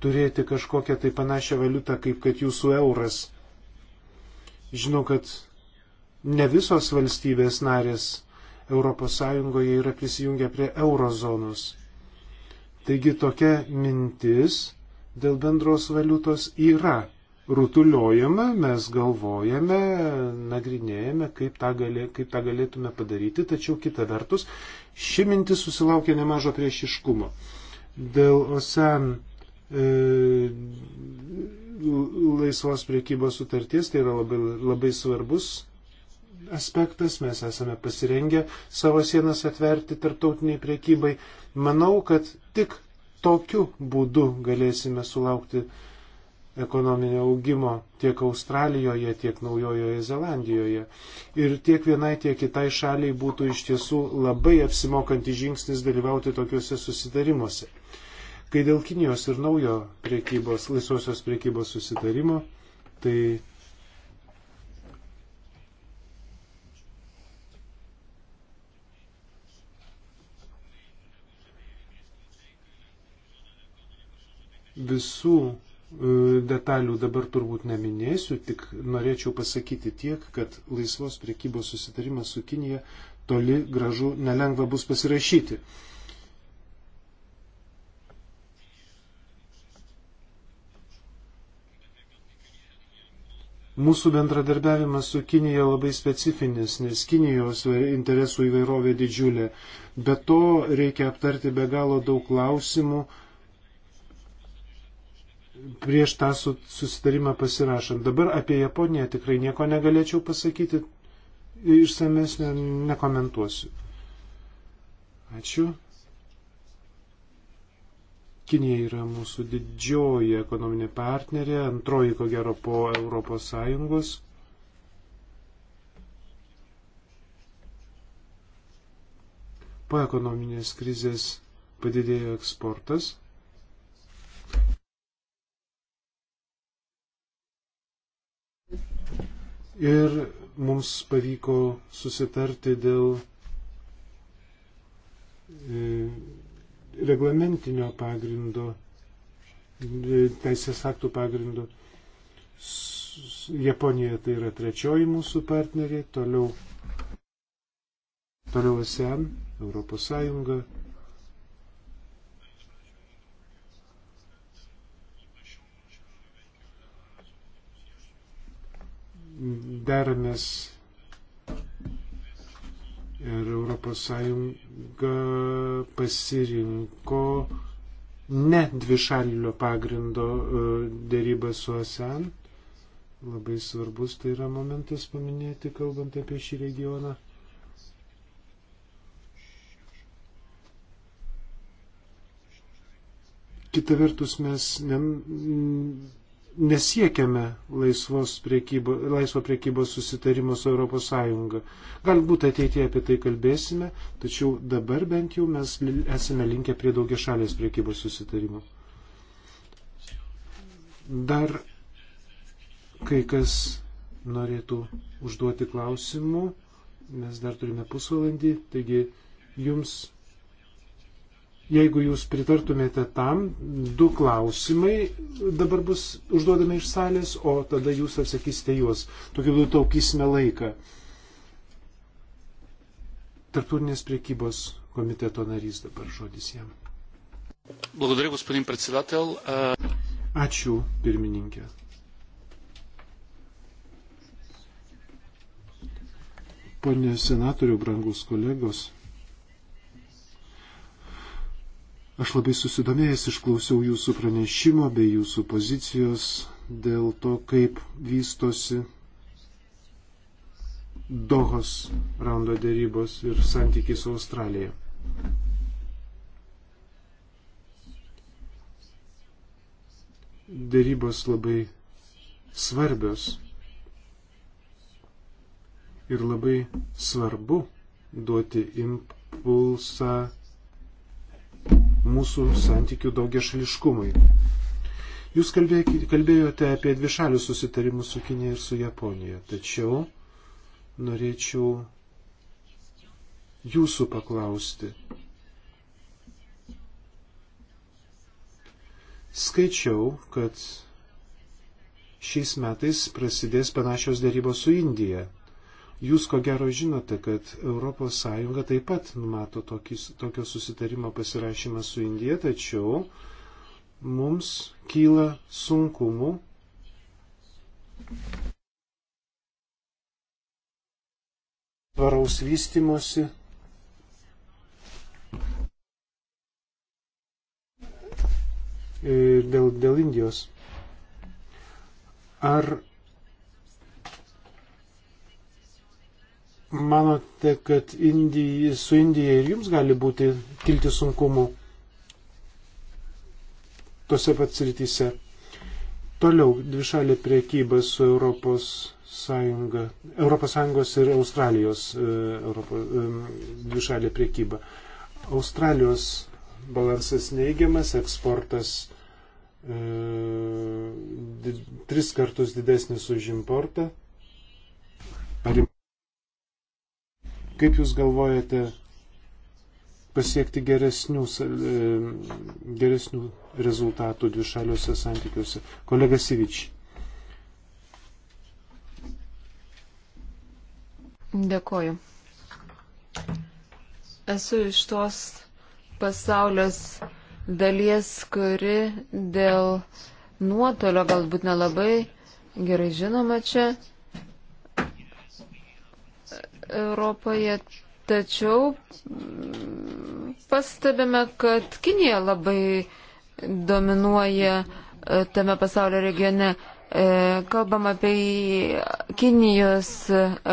turėti kažkokią tai panašią valiutą, kaip kad jūsų euras. Žinau, kad ne visos valstybės narės ES yra prisijungę prie eurozonos. Taigi tokia mintis dėl bendros valiutos yra. Rutuliojame, mes galvojame, nagrinėjame, kaip tą, galė, kaip tą galėtume padaryti, tačiau kita vertus, ši mintis susilaukė nemažo priešiškumo. Dėl OSEAN E, laisvos priekybos sutarties, tai yra labai, labai svarbus aspektas, mes esame pasirengę savo sienas atverti tarptautiniai priekybai. Manau, kad tik tokiu būdu galėsime sulaukti ekonominio augimo tiek Australijoje, tiek Naujojoje Zelandijoje. Ir tiek vienai, tiek kitai šaliai būtų iš tiesų labai apsimokanti žingsnis dalyvauti tokiuose susidarimuose. Kai dėl Kinijos ir naujo priekybos, laisvosios priekybos susitarimo, tai visų e, detalių dabar turbūt neminėsiu, tik norėčiau pasakyti tiek, kad laisvos priekybos susitarimas su Kinija toli gražu nelengva bus pasirašyti. Mūsų bendradarbiavimas su Kinija labai specifinis, nes Kinijos interesų įvairovė didžiulė. Be to reikia aptarti be galo daug klausimų prieš tą susitarimą pasirašant. Dabar apie Japoniją tikrai nieko negalėčiau pasakyti, išsamesnio nekomentuosiu. Ačiū. Kinija yra mūsų didžioji ekonominė partnerė, antroji ko gero po Europos Sąjungos. Po ekonominės krizės padidėjo eksportas. Ir mums pavyko susitarti dėl e, reglamentinio pagrindo, teisės aktų pagrindo. Japonija tai yra trečioji mūsų partneriai, toliau, toliau ASEAN, Europos Sąjunga. Deramės Ir ES pasirinko ne dvišalinio pagrindo e, dėrybą su ASEAN. Labai svarbus tai yra momentas paminėti, kalbant apie šį regioną. Kita vertus, mes ne, nesiekiame priekybo, laisvo priekybos susitarimo su ES. Galbūt ateityje apie tai kalbėsime, tačiau dabar bent jau mes esame linkę prie daugia šalės priekybos susitarimo. Dar kai kas norėtų užduoti klausimų, mes dar turime pusvalandį, taigi jums Jeigu jūs pritartumėte tam, du klausimai dabar bus užduodami iš salės, o tada jūs atsakysite juos. Tokiu būdu taukysime laiką. Tarturinės priekybos komiteto narys dabar žodis jam. Благодаря, господин председател. Ačiū, pirmininkė. Pone senatoriu, brangus kolegos, Aš labai susidomėjęs išklausiau jūsų pranešimo bei jūsų pozicijos dėl to, kaip vystosi Dohos raundo dėrybos ir santykiai su Australija. Dėrybos labai svarbios ir labai svarbu duoti impulsą mūsų santykių daugia šališkumui. Jūs kalbėjote apie dvišalius susitarimus su Kinė ir su Japonija, tačiau norėčiau jūsų paklausti. Skaičiau, kad šiais metais prasidės panašios dėrybos su Indija. Jūs ko gero žinote, kad ES taip pat numato tokį, tokio susitarimo pasirašymą su Indija, tačiau mums kyla sunkumų. Tvaraus vystimosi e, dėl, dėl Indijos. Ar manote, kad Indijai, su Indija ir jums gali būti kilti sunkumų tose pat srityse? Toliau dvišalė priekyba su Europos Sąjunga, Europos Sąjungos ir Australijos e, Europo, e, dvišalė priekyba. Australijos balansas neigiamas, eksportas e, di, tris kartus didesnis už importą. Parim. Kaip Jūs galvojate pasiekti geresnių, e, geresnių rezultatų dvišaliuose santykiuose? Kolega Sivičiai. Dėkoju. Esu iš tos pasaulios dalies, kuri dėl nuotolio galbūt nelabai gerai žinoma čia, Europoje, tačiau mm, pastebime, kad Kinija labai dominuoja e, tame pasaulio regione. E, kalbam apie Kinijos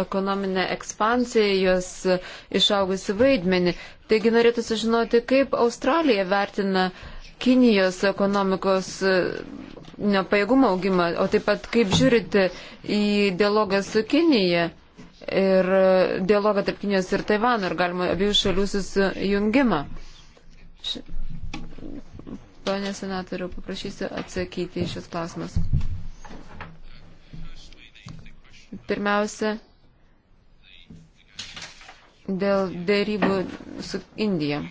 ekonominę ekspansiją, jos išaugusi vaidmenį. Taigi norėtų sužinoti, kaip Australija vertina Kinijos ekonomikos e, nepajėgumą augimą, o taip pat kaip žiūrite į dialogą su Kinija ir dialogą tarp Kinijos ir Taivano ir galima abiejų šalių susijungimą. Pane senatoriu, paprašysiu atsakyti į šios klausimus. Pirmiausia, dėl dėrybų su Indija.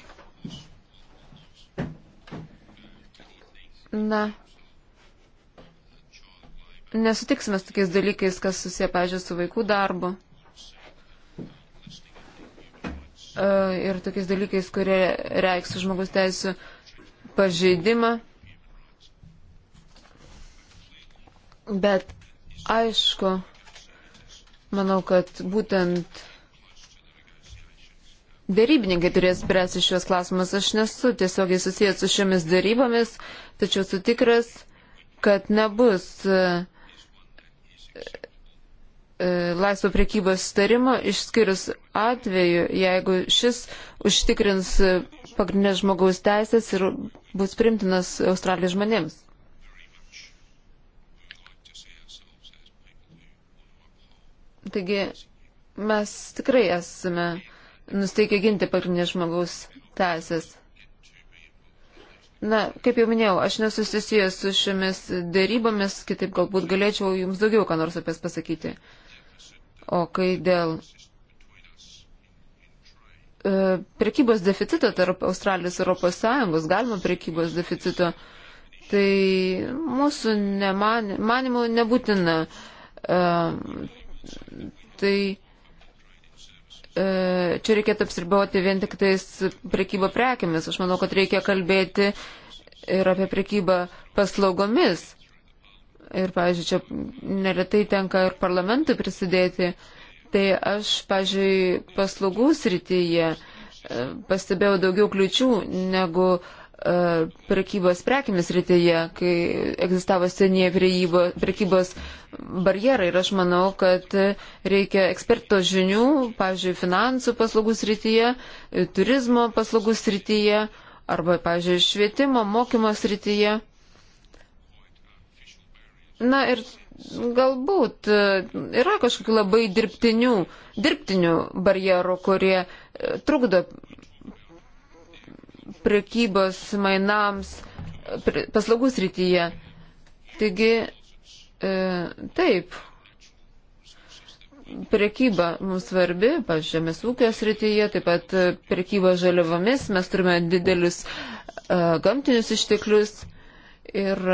Na, nesutiksime su tokiais dalykais, kas susiję, pažiūrėjau, su vaikų darbu. E, ir tokiais dalykais, kurie reikš žmogus teisų pažeidimą. Bet aišku, manau, kad būtent dėrybininkai turės spręsti šios klausimus. Aš nesu tiesiogiai susijęs su šiomis dėrybomis, tačiau sutikras, kad nebus uh, E, laisvo priekybos starimo, išskyrus atveju, jeigu šis užtikrins pagrindinės žmogaus teisės ir bus primtinas Australijos žmonėms. Taigi mes tikrai esame nusteikę ginti pagrindinės žmogaus teisės. Na, kaip jau minėjau, aš nesusisijęs su šiomis dėrybomis, kitaip galbūt galėčiau jums daugiau ką nors apie jas pasakyti. Uh, O kai dėl e, prekybos deficito tarp Australijos ir Europos Sąjungos, galima prekybos deficito, tai mūsų neman, manimų nebūtina. E, tai e, čia reikėtų apsirboti vien tik tais prekybą prekiamis. Aš manau, kad reikia kalbėti ir apie prekybą paslaugomis ir, pavyzdžiui, čia neretai tenka ir parlamentui prisidėti, tai aš, pavyzdžiui, paslaugų srityje e, pastebėjau daugiau kliučių negu uh, prekybos prekimis rytyje, kai egzistavo senieji prekybos barjerai. Ir aš manau, kad reikia eksperto žinių, pavyzdžiui, finansų paslaugų srityje, turizmo paslaugų srityje arba, pavyzdžiui, švietimo, mokymo srityje. Na ir galbūt e, yra kažkokių labai dirbtinių, dirbtinių barjerų, kurie e, trukdo prekybos mainams paslaugų srityje. Taigi, e, taip, prekyba mums svarbi, pažemės ūkio srityje, taip pat e, prekyba žaliavomis, mes turime didelius e, gamtinius išteklius ir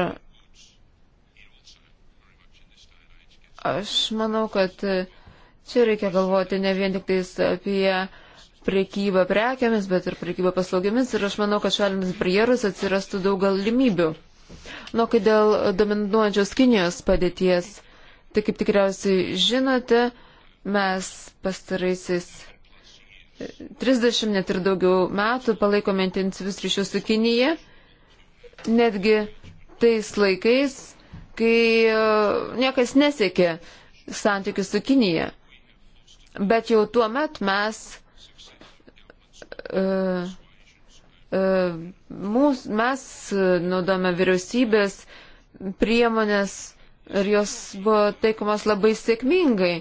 Aš manau, kad čia reikia galvoti ne vien tik tais apie priekybą prekiamis, bet ir priekybą paslaugiamis ir aš manau, kad šalinant barjerus atsirastų daug galimybių. Nu, kai dėl dominuojančios Kinijos padėties, tai kaip tikriausiai žinote, mes pastaraisiais 30 net ir daugiau metų palaikome intensyvius ryšius su Kinija. Netgi tais laikais, kai e, niekas nesiekė santykių su Kinija. Bet jau tuo met mes, uh, uh, mūs, mes naudome vyriausybės priemonės ir jos buvo taikomas labai sėkmingai.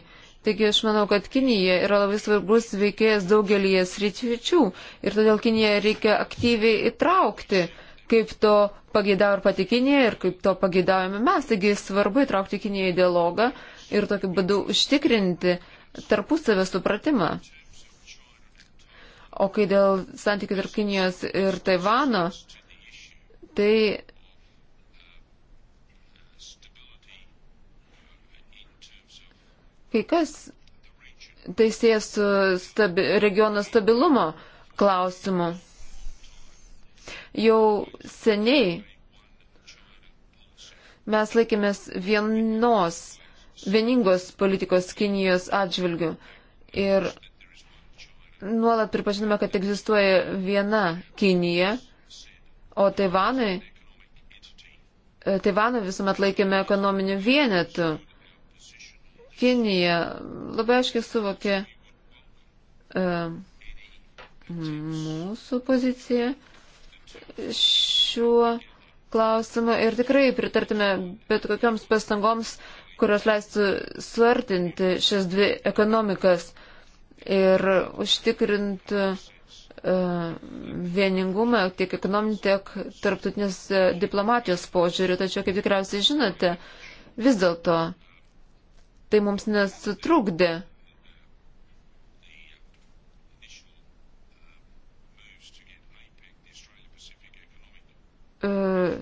Taigi aš manau, kad Kinija yra labai svarbus veikėjas daugelį sričių ir todėl Kiniją reikia aktyviai įtraukti uh, kaip to pageidavo ir pati Kinija, ir kaip to pageidavome mes. Taigi svarbu įtraukti Kiniją į dialogą ir tokiu būdu užtikrinti tarpusavę supratimą. O kai dėl santykių tarp Kinijos ir Taivano, tai kai kas tai sės su stabi, regiono stabilumo klausimu. Jau seniai mes laikėmės vienos, vieningos politikos Kinijos atžvilgių ir nuolat pripažinome, kad egzistuoja viena Kinija, o Taivanui, Taivaną visuomet laikėme ekonominiu vienetu. Kinija labai aiškiai suvokė uh, mūsų poziciją šiuo klausimu ir tikrai pritartume bet kokiams pastangoms, kurios leistų suartinti šias dvi ekonomikas ir užtikrinti uh, e, vieningumą tiek ekonominį, tiek tarptautinės e, diplomatijos požiūrį. Tačiau, kaip tikriausiai žinote, vis dėlto tai mums nesutrukdė uh,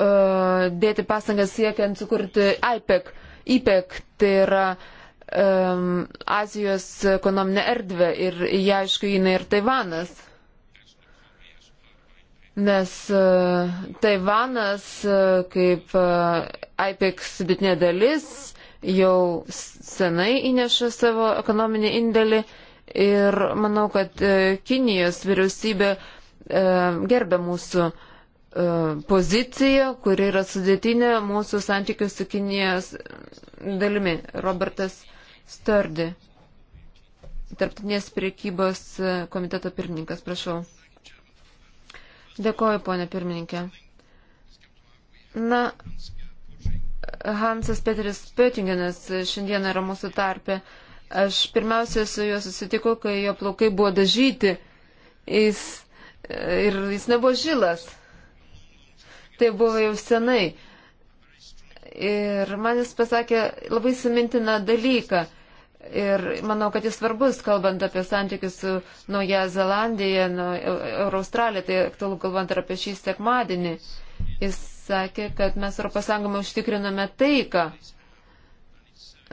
uh, dėti pastangas siekiant sukurti IPEC. IPEC tai yra um, Azijos ekonominė erdvė ir jie aišku jinai ir Taivanas. Nes uh, Taivanas uh, kaip uh, IPEC sudėtinė dalis jau senai įneša savo ekonominį indėlį ir manau, kad uh, Kinijos vyriausybė uh, E, gerbė mūsų e, poziciją, kuri yra sudėtinė mūsų santykių su Kinijos dalimi. Robertas Sturdy, Tarptautinės priekybos e, komiteto pirmininkas, prašau. Dėkoju, ponė pirmininkė. Na, Hansas Peteris Pötingenas šiandien yra mūsų tarpė. Aš pirmiausia su juo susitikau, kai jo plaukai buvo dažyti. Jis ir jis nebuvo žilas. Tai buvo jau senai. Ir man jis pasakė labai simintiną dalyką. Ir manau, kad jis svarbus, kalbant apie santykius su Nauja Zelandija, nu, Australija, tai aktualu kalbant ir apie šį sekmadienį. Jis sakė, kad mes Europos Sąjungame užtikriname taiką.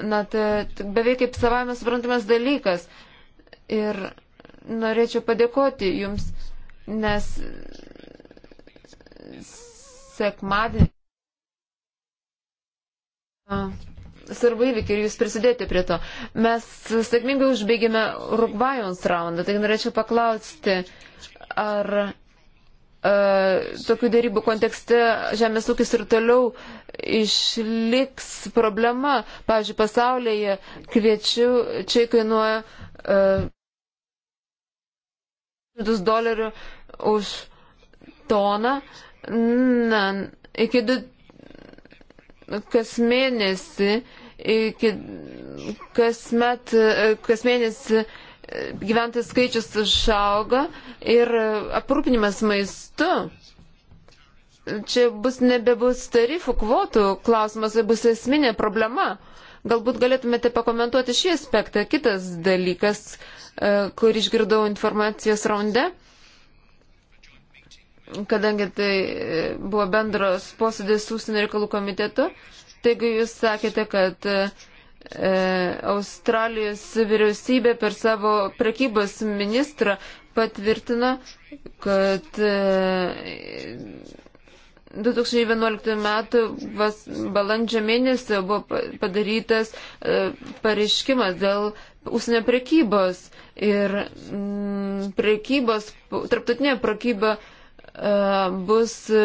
Na, tai beveik kaip savame suprantamas dalykas. Ir norėčiau padėkoti jums nes sekmadienį. Svarbu įvykį ir jūs prisidėti prie to. Mes sėkmingai užbaigėme Rugvajons raundą, tai norėčiau paklausti, ar e, tokių dėrybų kontekste žemės ūkis ir toliau išliks problema. Pavyzdžiui, pasaulyje kviečių čia kainuoja. E, 200 dolerių už toną. Na, iki du, kas mėnesį, iki, kas, met, kas mėnesį gyventojų skaičius išauga ir aprūpinimas maistu. Čia bus nebebus tarifų kvotų klausimas, tai bus esminė problema. Galbūt galėtumėte pakomentuoti šį aspektą. Kitas dalykas, e, kur išgirdau informacijos raunde, kadangi tai e, buvo bendros posėdės su užsienio reikalų komitetu, taigi jūs sakėte, kad e, e, Australijos vyriausybė per savo prekybos ministrą patvirtino, kad e, 2011 m. balandžio mėnesį buvo padarytas e, pareiškimas dėl užsienio prekybos ir m, prekybos, tarptautinė prekyba E, bus e,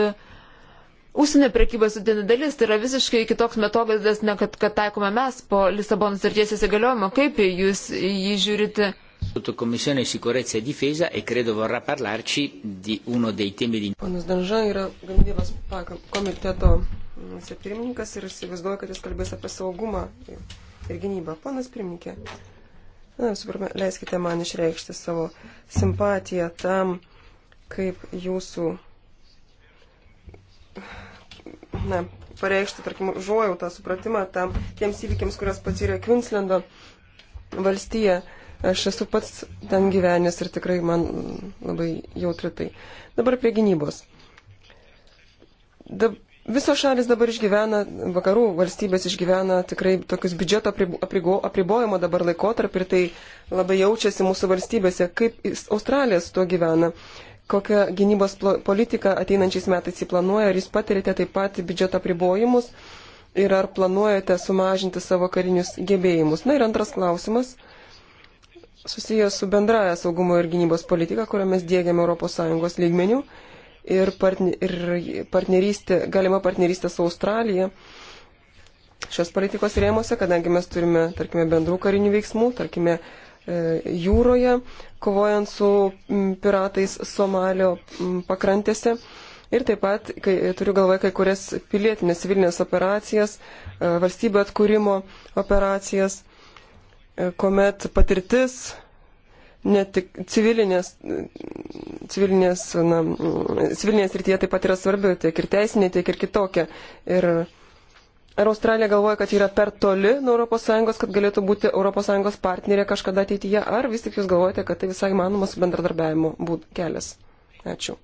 užsienio prekybos sudėtinė dalis, tai yra visiškai kitoks metodas, ne kad, kad taikome mes po Lisabonos sarties įsigaliojimo. Kaip jūs jį žiūrite? Sottocommissione sicurezza e difesa e credo vorrà parlarci di uno dei temi di... Ponas Danža yra gamybos komiteto mm, pirmininkas ir įsivaizduoju, kad jis kalbės apie saugumą ir gynybą. Ponas pirmininkė, na, visų pirma, leiskite man išreikšti savo simpatiją tam, kaip jūsų na, pareikšti, tarkim, žuojautą, supratimą tam, tiems įvykiams, kurias patyrė Kvinslendo valstija. Aš esu pats ten gyvenęs ir tikrai man labai jautri tai. Dabar prie gynybos. Dab, visos šalis dabar išgyvena, vakarų valstybės išgyvena tikrai tokius biudžeto apribo, apribojimo dabar laikotarpį ir tai labai jaučiasi mūsų valstybėse, kaip Australija su tuo gyvena. Uh, kokią gynybos politiką ateinančiais metais įplanuoja, ar jūs patirite taip pat biudžeto pribojimus ir ar planuojate sumažinti savo karinius gebėjimus. Na ir antras klausimas susijęs su bendraja saugumo ir gynybos politika, kurią mes dėgiame ES lygmenių ir, partne, ir partnerystė, galima partnerystė su Australija. Šios politikos rėmose, kadangi mes turime, tarkime, bendrų karinių veiksmų, tarkime, E, jūroje, kovojant su piratais Somalio pakrantėse. Ir taip pat, kai turiu galvoje kai kurias pilietinės civilinės operacijas, e, valstybių atkūrimo operacijas, e, kuomet patirtis ne tik civilinės, civilinės, na, civilinės rytyje taip pat yra svarbi, tiek ir teisinė, tiek ir kitokia. Ir Ar Australija galvoja, kad yra per toli nuo ES, kad galėtų būti ES partnerė kažkada ateityje, ar vis tik jūs galvojate, kad tai visai įmanomas bendradarbiavimo būd kelias? Ačiū.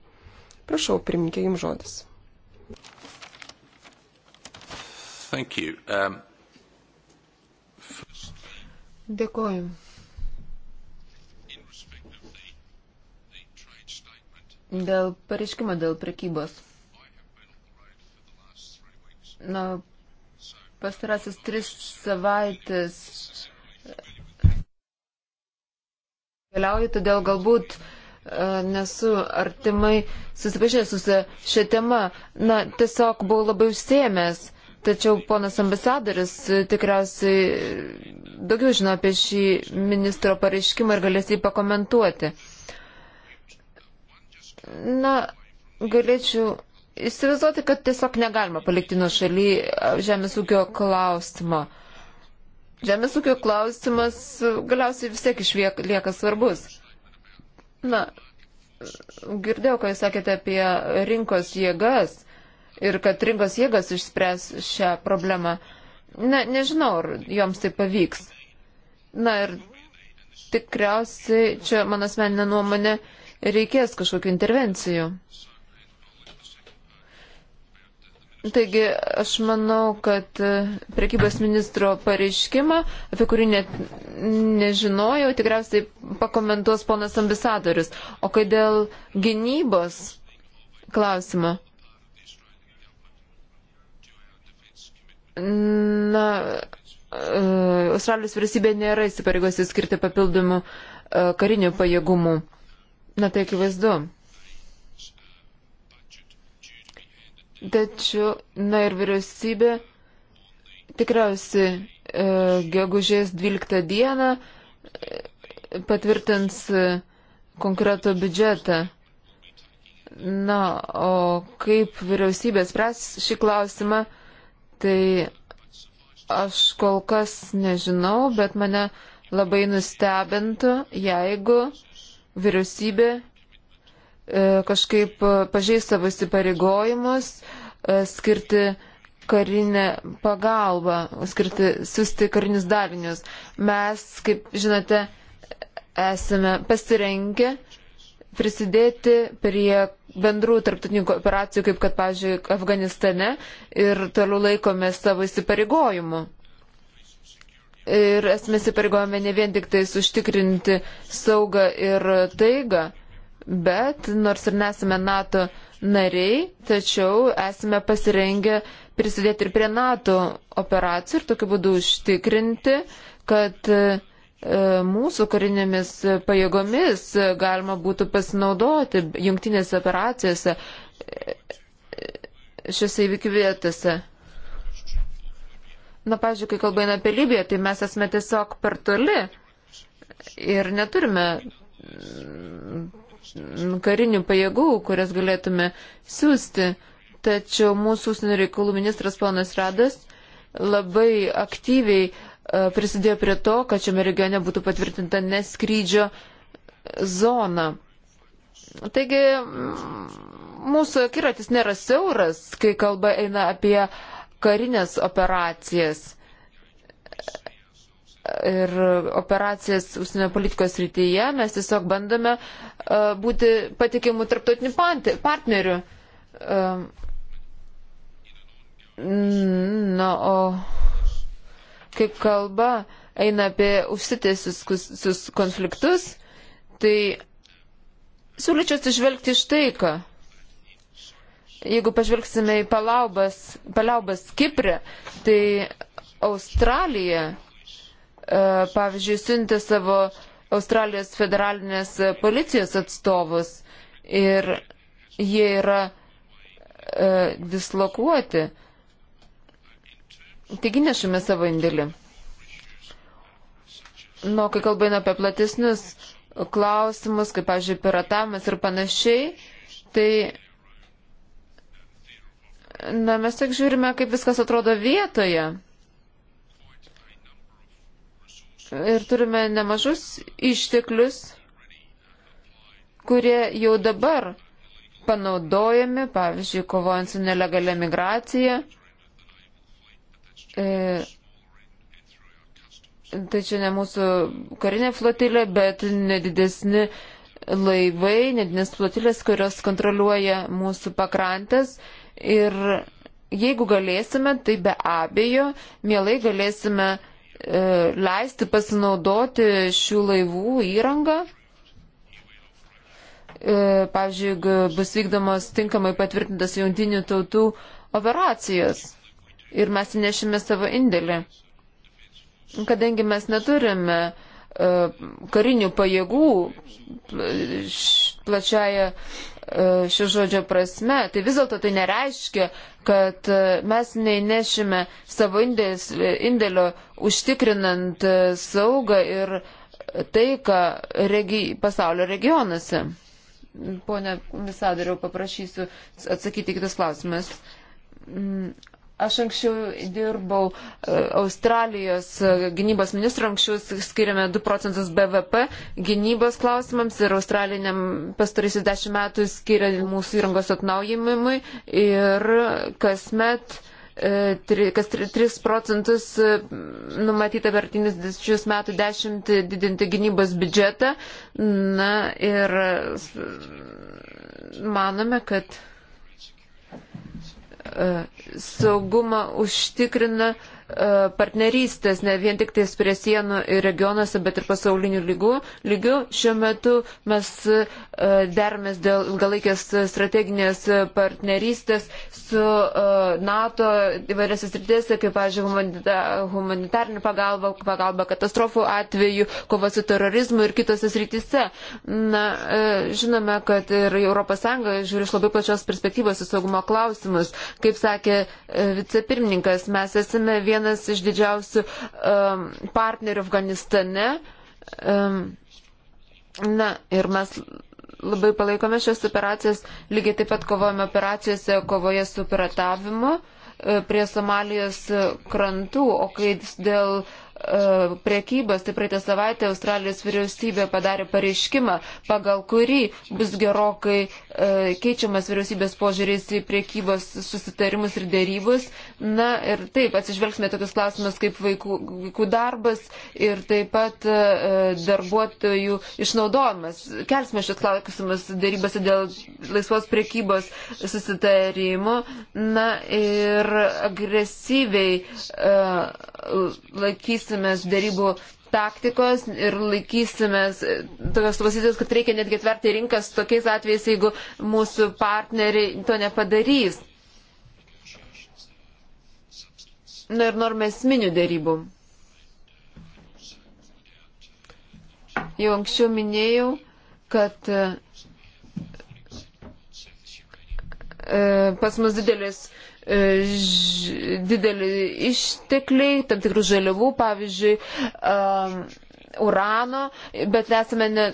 Prašau, pirmininkė, jums žodis. Um... Dėkoju. Dėl pareiškimo, dėl prekybos. Na, pastarasis tris savaitės keliauju, todėl galbūt e, nesu artimai susipažinęs su šia tema. Na, tiesiog buvau labai užsiemęs, tačiau ponas ambasadoris tikriausiai daugiau žino apie šį ministro pareiškimą ir galės jį pakomentuoti. Na, galėčiau įsivaizduoti, kad tiesiog negalima palikti nuo šaly žemės ūkio klausimą. Žemės ūkio klausimas galiausiai vis tiek išlieka svarbus. Na, girdėjau, ką jūs sakėte apie rinkos jėgas ir kad rinkos jėgas išspręs šią problemą. Ne, nežinau, ar joms tai pavyks. Na ir tikriausiai čia, mano asmeninė nuomonė, reikės kažkokių intervencijų. Taigi aš manau, kad e, prekybos ministro pareiškimą, apie kurį net nežinojau, tikriausiai pakomentuos ponas ambasadorius. O kai dėl gynybos klausimą. Na, e, Australijos vyriausybė nėra įsipareigosi skirti papildomų e, karinių pajėgumų. Na, tai akivaizdu. Tačiau, na ir vyriausybė tikriausiai e, gegužės 12 dieną e, patvirtins e, konkreto biudžetą. Na, o kaip vyriausybė spręs šį klausimą, tai aš kol kas nežinau, bet mane labai nustebintų, jeigu vyriausybė E, kažkaip pažeis savo įsipareigojimus, e, skirti karinę pagalbą, skirti, siūsti karinius dalinius. Mes, kaip žinote, esame pasirengę prisidėti prie bendrų tarptautinių operacijų, kaip kad, pavyzdžiui, Afganistane ir toliau laikome savo įsipareigojimų. Ir esame įsipareigojame ne vien tik tai užtikrinti saugą ir taigą, bet nors ir nesame NATO nariai, tačiau esame pasirengę prisidėti ir prie NATO operacijų ir tokiu būdu užtikrinti, kad e, mūsų karinėmis pajėgomis galima būtų pasinaudoti jungtinėse operacijose e, šiose įvykių vietose. Na, pažiūrėk, kai kalba eina apie Libiją, tai mes esame tiesiog per toli ir neturime karinių pajėgų, kurias galėtume siūsti. Tačiau mūsų užsienio reikalų ministras ponas Radas labai aktyviai e, prisidėjo prie to, kad šiame regione būtų patvirtinta neskrydžio zona. Taigi mūsų akiratis nėra siauras, kai kalba eina apie karinės operacijas ir operacijas užsienio politikos rytyje. Mes tiesiog bandome e, būti patikimų tarptautinių partnerių. E, na, o kaip kalba eina apie užsitęsius konfliktus, tai siūlyčiau atsižvelgti iš tai, ką. Jeigu pažvelgsime į palaubas, palaubas Kiprė, tai Australija E, pavyzdžiui, siuntė savo Australijos federalinės policijos atstovus ir jie yra e, dislokuoti. Taigi nešame savo indėlį. Nu, kai kalbame apie platesnius klausimus, kaip, pavyzdžiui, piratavimas ir panašiai, tai na, mes tik žiūrime, kaip viskas atrodo vietoje ir turime nemažus išteklius, kurie jau dabar panaudojami, pavyzdžiui, kovojant su nelegalia migracija. E, tai čia ne mūsų karinė flotilė, bet nedidesni laivai, nedidesnės flotilės, kurios kontroliuoja mūsų pakrantes. Ir jeigu galėsime, tai be abejo, mielai galėsime E, leisti pasinaudoti šių laivų įrangą. E, pavyzdžiui, jeigu bus vykdomas tinkamai patvirtintas jungtinių tautų operacijos ir mes nešime savo indėlį. Kadangi mes neturime e, karinių pajėgų plačiaja e, šio žodžio prasme, tai vis dėlto tai nereiškia, kad e, mes neįnešime savo indės, e, indėlio užtikrinant saugą ir taiką regi, pasaulio regionuose. Pone visadariau, paprašysiu atsakyti kitas klausimas. Mm, Aš anksčiau dirbau e, Australijos e, gynybos ministru, anksčiau skiriame 2 procentus BVP gynybos klausimams ir Australiniam pastarysius 10 metų skiria mūsų įrangos atnaujimimui ir kasmet e, kas 3 procentus numatyta vertinis 10 metų 10 didinti gynybos biudžetą. Na ir manome, kad saugumą užtikrina E, partnerystės ne vien tik tais prie sienų ir regionuose, bet ir pasaulinių lygų. lygių. Šiuo metu mes e, dermės dėl ilgalaikės strateginės partnerystės su e, NATO įvairiose sritėse, kaip, pažiūrėjau, humanitarinė pagalba, pagalba katastrofų atveju, kova su terorizmu ir kitose srityse. Na, žinome, kad ir ES žiūri iš labai plačios perspektyvos į saugumo klausimus. Kaip sakė vicepirmininkas, mes esame viena vienas iš didžiausių um, partnerių Afganistane. Um, na, ir mes labai palaikome šias operacijas, lygiai taip pat kovojame operacijose kovoje su piratavimu uh, prie Somalijos uh, krantų, o kai dėl uh, E, priekybos, tai praeitą savaitę Australijos vyriausybė padarė pareiškimą, pagal kurį bus gerokai e, keičiamas vyriausybės požiūrės į priekybos susitarimus ir dėrybus. Na ir taip, atsižvelgsime tokius klausimus kaip vaikų, vaikų darbas ir taip pat e, darbuotojų išnaudojimas. Kelsime šis klausimus dėrybose dėl laisvos priekybos susitarimo. Na ir agresyviai laikys laikysimės darybų taktikos ir laikysimės e, tokios pozicijos, kad reikia netgi atverti rinkas tokiais atvejais, jeigu mūsų partneriai to nepadarys. Na ir norime esminių darybų. Jau anksčiau minėjau, kad e, e, pas mus didelis E, ž, dideli ištekliai, tam tikrų žaliavų, pavyzdžiui, um, urano, bet esame ne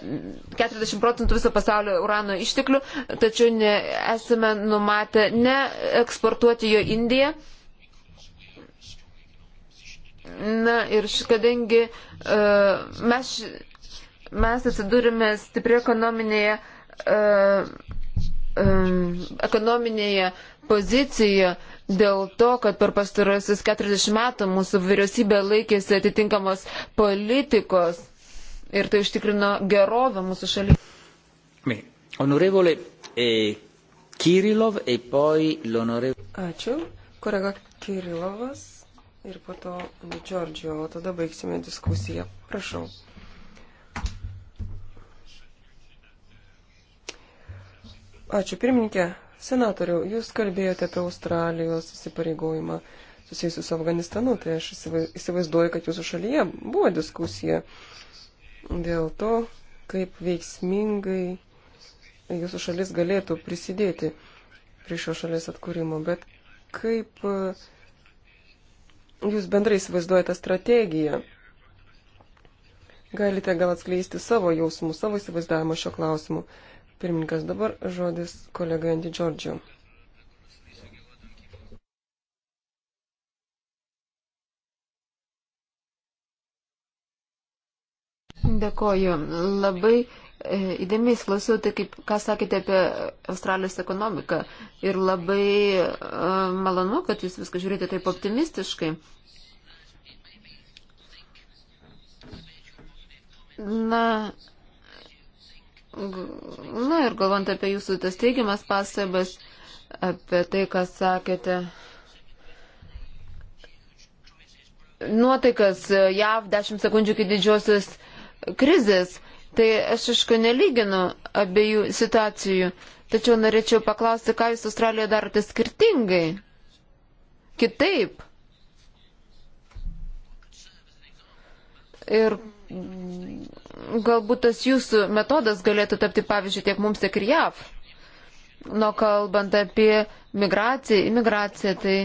40 procentų viso pasaulio urano išteklių, tačiau ne, esame numatę ne eksportuoti jo Indiją. Na ir kadangi uh, mes, mes atsidūrime stipri ekonominėje, uh, um, ekonominėje uh, poziciją dėl to, kad per pastarosius 40 metų mūsų vyriausybė laikėsi atitinkamos politikos ir tai užtikrino gerovę mūsų šalyje. Onorevole e, Kirilov e poi l'onorevole. Ačiū, kolega Kirilovas ir po to Džordžio, o tada baigsime diskusiją. Prašau. Ačiū pirmininkė, Senatoriau, jūs kalbėjote apie Australijos įsipareigojimą susijusiu su Afganistanu, tai aš įsivaizduoju, kad jūsų šalyje buvo diskusija dėl to, kaip veiksmingai jūsų šalis galėtų prisidėti prie šio šalies atkūrimo, bet kaip e, jūs bendrai įsivaizduojate strategiją? Galite gal atskleisti savo jausmų, savo įsivaizdavimą šio klausimu. Pirmininkas dabar žodis kolegai Anti Džordžiu. Dėkoju. Labai e, įdėmiai klausiau, tai kaip, ką sakėte apie Australijos ekonomiką. Ir labai e, malonu, kad jūs viską žiūrite taip optimistiškai. Na, Na ir galvant apie jūsų tas teigiamas pastabas, apie tai, ką sakėte. Nuotaikas JAV 10 sekundžių iki didžiosios krizės. Tai aš aišku nelyginu abiejų situacijų, tačiau norėčiau paklausti, ką jūs Australijoje darote skirtingai, kitaip. Ir galbūt tas jūsų metodas galėtų tapti pavyzdžių tiek mums, tiek ir JAV. Nuo kalbant apie migraciją, imigraciją, tai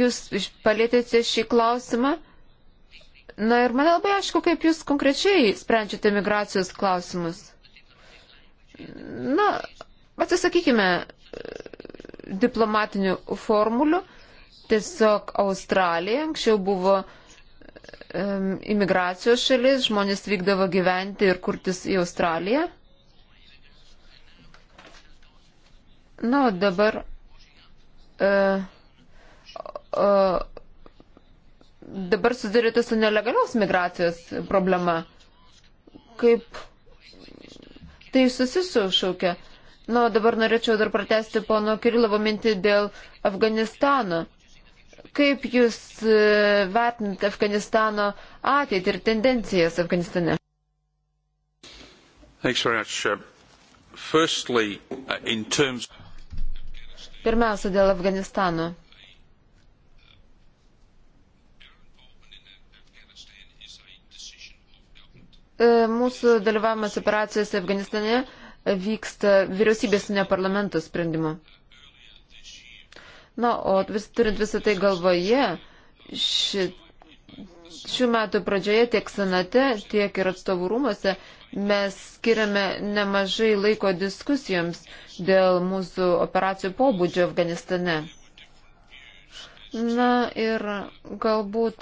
jūs palėtėte šį klausimą. Na ir man labai aišku, kaip jūs konkrečiai sprendžiate migracijos klausimus. Na, atsisakykime e, diplomatinių formulių. Tiesiog Australija anksčiau buvo uh, imigracijos šalis, žmonės vykdavo gyventi ir kurtis į Australiją. Na, o dabar e, e, dabar susidurite su nelegalios migracijos problema. Kaip tai susisušaukia. Na, o dabar norėčiau dar pratesti pono Kirilovo mintį dėl Afganistano. Kaip Jūs e, vertinate Afganistano ateitį ir tendencijas Afganistane? Uh, firstly, uh, terms... Pirmiausia, dėl Afganistano. E, mūsų dalyvavimas operacijose Afganistane vyksta vyriausybės ne parlamento sprendimu. Na, o vis, turint visą tai galvoje, ši, šių metų pradžioje tiek senate, tiek ir atstovų rūmose mes skiriame nemažai laiko diskusijoms dėl mūsų operacijų pobūdžio Afganistane. Na ir galbūt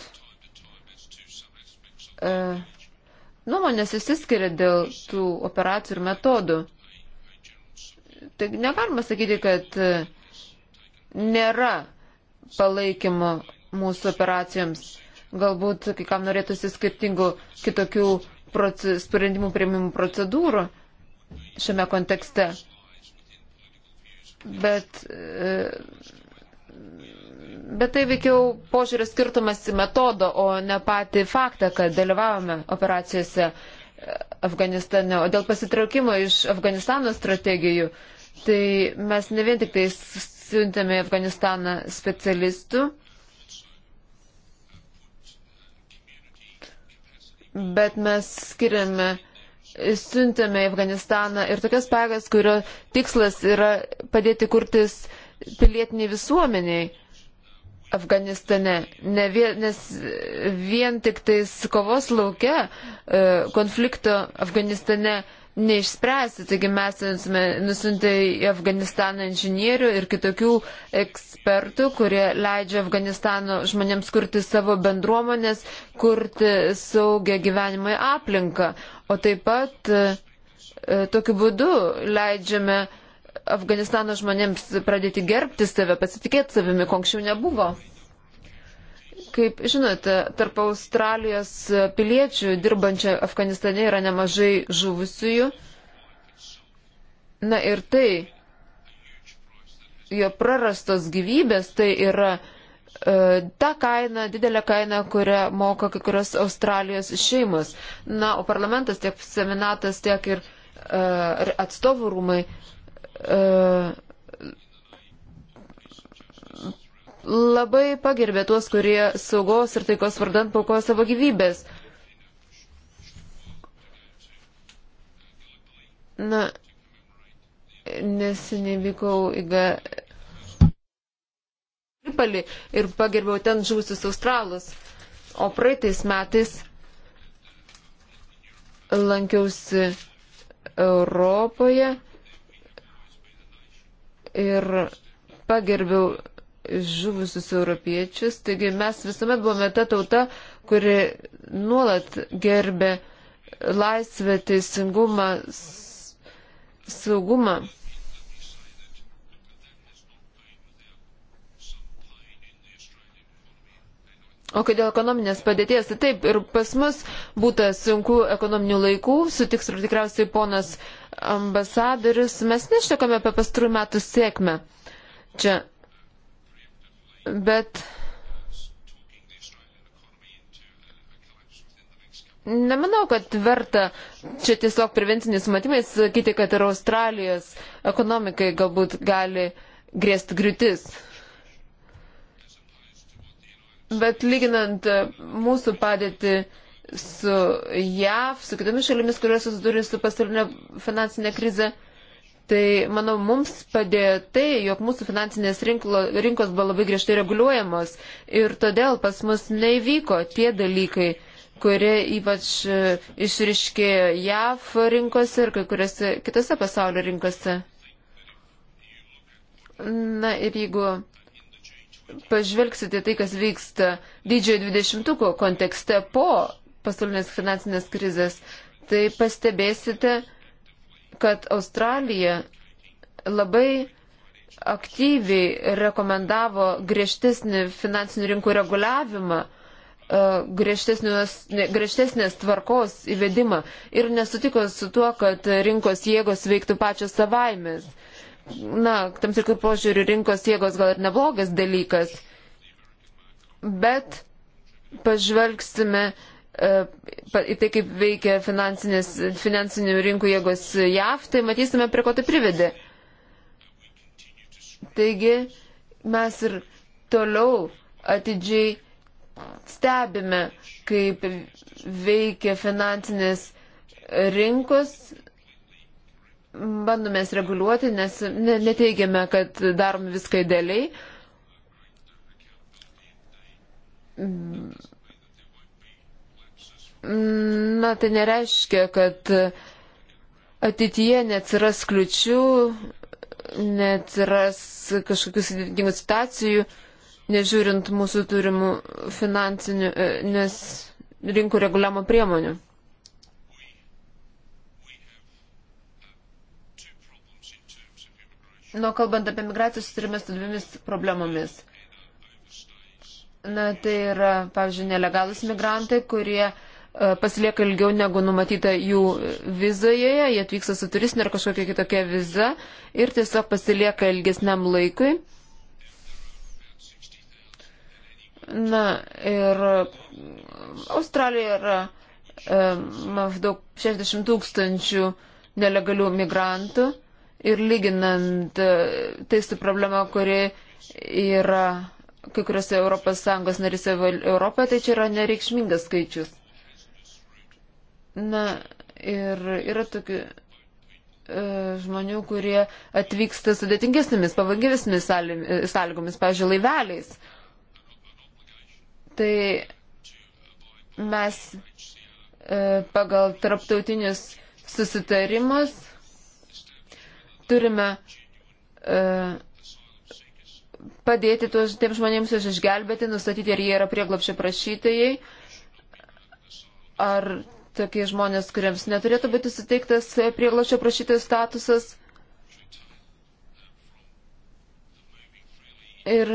e, nuomonės įsiskiria dėl tų operacijų ir metodų. Tai negalima sakyti, kad e, nėra palaikymo mūsų operacijoms. Galbūt kai kam norėtųsi skirtingų kitokių proces, sprendimų prieimimų procedūrų šiame kontekste. Bet, e, bet tai veikiau požiūrės skirtumas į metodą, o ne patį faktą, kad dalyvavome operacijose e, Afganistane. O dėl pasitraukimo iš Afganistano strategijų, tai mes ne vien tik tais siuntėme į Afganistaną specialistų, bet mes skiriame, siuntėme į Afganistaną ir tokias pėgas, kurio tikslas yra padėti kurtis pilietiniai visuomeniai. Afganistane, ne vien, nes vien tik tais kovos laukia e, konflikto Afganistane neišspręsti. Taigi mes nusintė į Afganistaną inžinierių ir kitokių ekspertų, kurie leidžia Afganistano žmonėms kurti savo bendruomenės, kurti saugę gyvenimą aplinką. O taip pat e, e, tokiu būdu leidžiame Afganistano žmonėms pradėti gerbti save, pasitikėti savimi, ko anksčiau nebuvo. Kaip žinote, tarp Australijos piliečių dirbančių Afganistane yra nemažai žuvusiųjų. Na ir tai, jo prarastos gyvybės, tai yra e, ta kaina, didelė kaina, kurią moka kai kurios Australijos šeimos. Na, o parlamentas, tiek seminatas, tiek ir uh, atstovų rūmai uh, labai pagerbė tuos, kurie saugos ir taikos vardant paukojo savo gyvybės. Na, neseniai vykau į Gripalį ir pagerbiau ten žuvusius australus. O praeitais metais lankiausi Europoje ir pagerbiau žuvusius europiečius. Taigi mes visuomet buvome ta tauta, kuri nuolat gerbė laisvę, teisingumą, saugumą. O kai dėl ekonominės padėties, tai taip, ir pas mus būtų sunku ekonominių laikų, sutiks ir tikriausiai ponas ambasadorius, mes neštekame apie pastarų metų sėkmę. Čia bet nemanau, kad verta čia tiesiog prevenciniais matymais sakyti, kad ir Australijos ekonomikai galbūt gali grėsti griūtis. Bet lyginant mūsų padėtį su JAV, su kitomis šalimis, kurios susidūrė su pasaulinė finansinė krize, uh, Tai, manau, mums padėjo tai, jog mūsų finansinės rinklo, rinkos buvo labai griežtai reguliuojamos ir todėl pas mus neįvyko tie dalykai, kurie ypač e, išriškėjo JAF rinkose ir kai kuriuose kitose pasaulio rinkose. Na ir jeigu pažvelgsite tai, kas vyksta didžiojo dvidešimtuko kontekste po pasaulinės finansinės krizės, tai pastebėsite, kad Australija labai aktyviai rekomendavo griežtesnį finansinių rinkų reguliavimą, e, griežtesnės, griežtesnės tvarkos įvedimą ir nesutiko su tuo, kad rinkos jėgos veiktų pačios savaimės. Na, tam tikrų požiūrių rinkos jėgos gal ir neblogas dalykas, bet pažvelgsime E, į tai, kaip veikia finansinių rinkų jėgos JAV, tai matysime, prie ko tai privedė. Taigi mes ir toliau atidžiai stebime, kaip veikia finansinės rinkos, bandome jas reguliuoti, nes neteigiame, kad darom viską idealiai. Na, tai nereiškia, kad ateityje neatsiras kliučių, neatsiras kažkokių sudėtingų situacijų, nežiūrint mūsų turimų finansinių, e, nes rinkų reguliamo priemonių. Nu, kalbant apie migraciją, susiturime su dvimis problemomis. Na, tai yra, pavyzdžiui, nelegalus migrantai, kurie uh, E, pasilieka ilgiau negu numatyta jų vizoje, jie atvyksta su turistinė ar kažkokia kitokia viza ir tiesiog pasilieka ilgesniam laikui. Na ir Australija yra e, maždaug 60 tūkstančių nelegalių migrantų ir lyginant e, tai su problema, kuri yra kai kuriuose ES narise Europoje, tai čia yra nereikšmingas skaičius. Na ir yra tokių e, žmonių, kurie atvyksta sudėtingesnėmis, pavangėvesnėmis e, sąlygomis, pavyzdžiui, laiveliais. Tai mes e, pagal tarptautinius susitarimus turime e, padėti tuos tiems žmonėms iš išgelbėti, nustatyti, ar jie yra prieglapšio prašytojai, ar tokie žmonės, kuriems neturėtų būti suteiktas prieglašio prašytojų statusas. Ir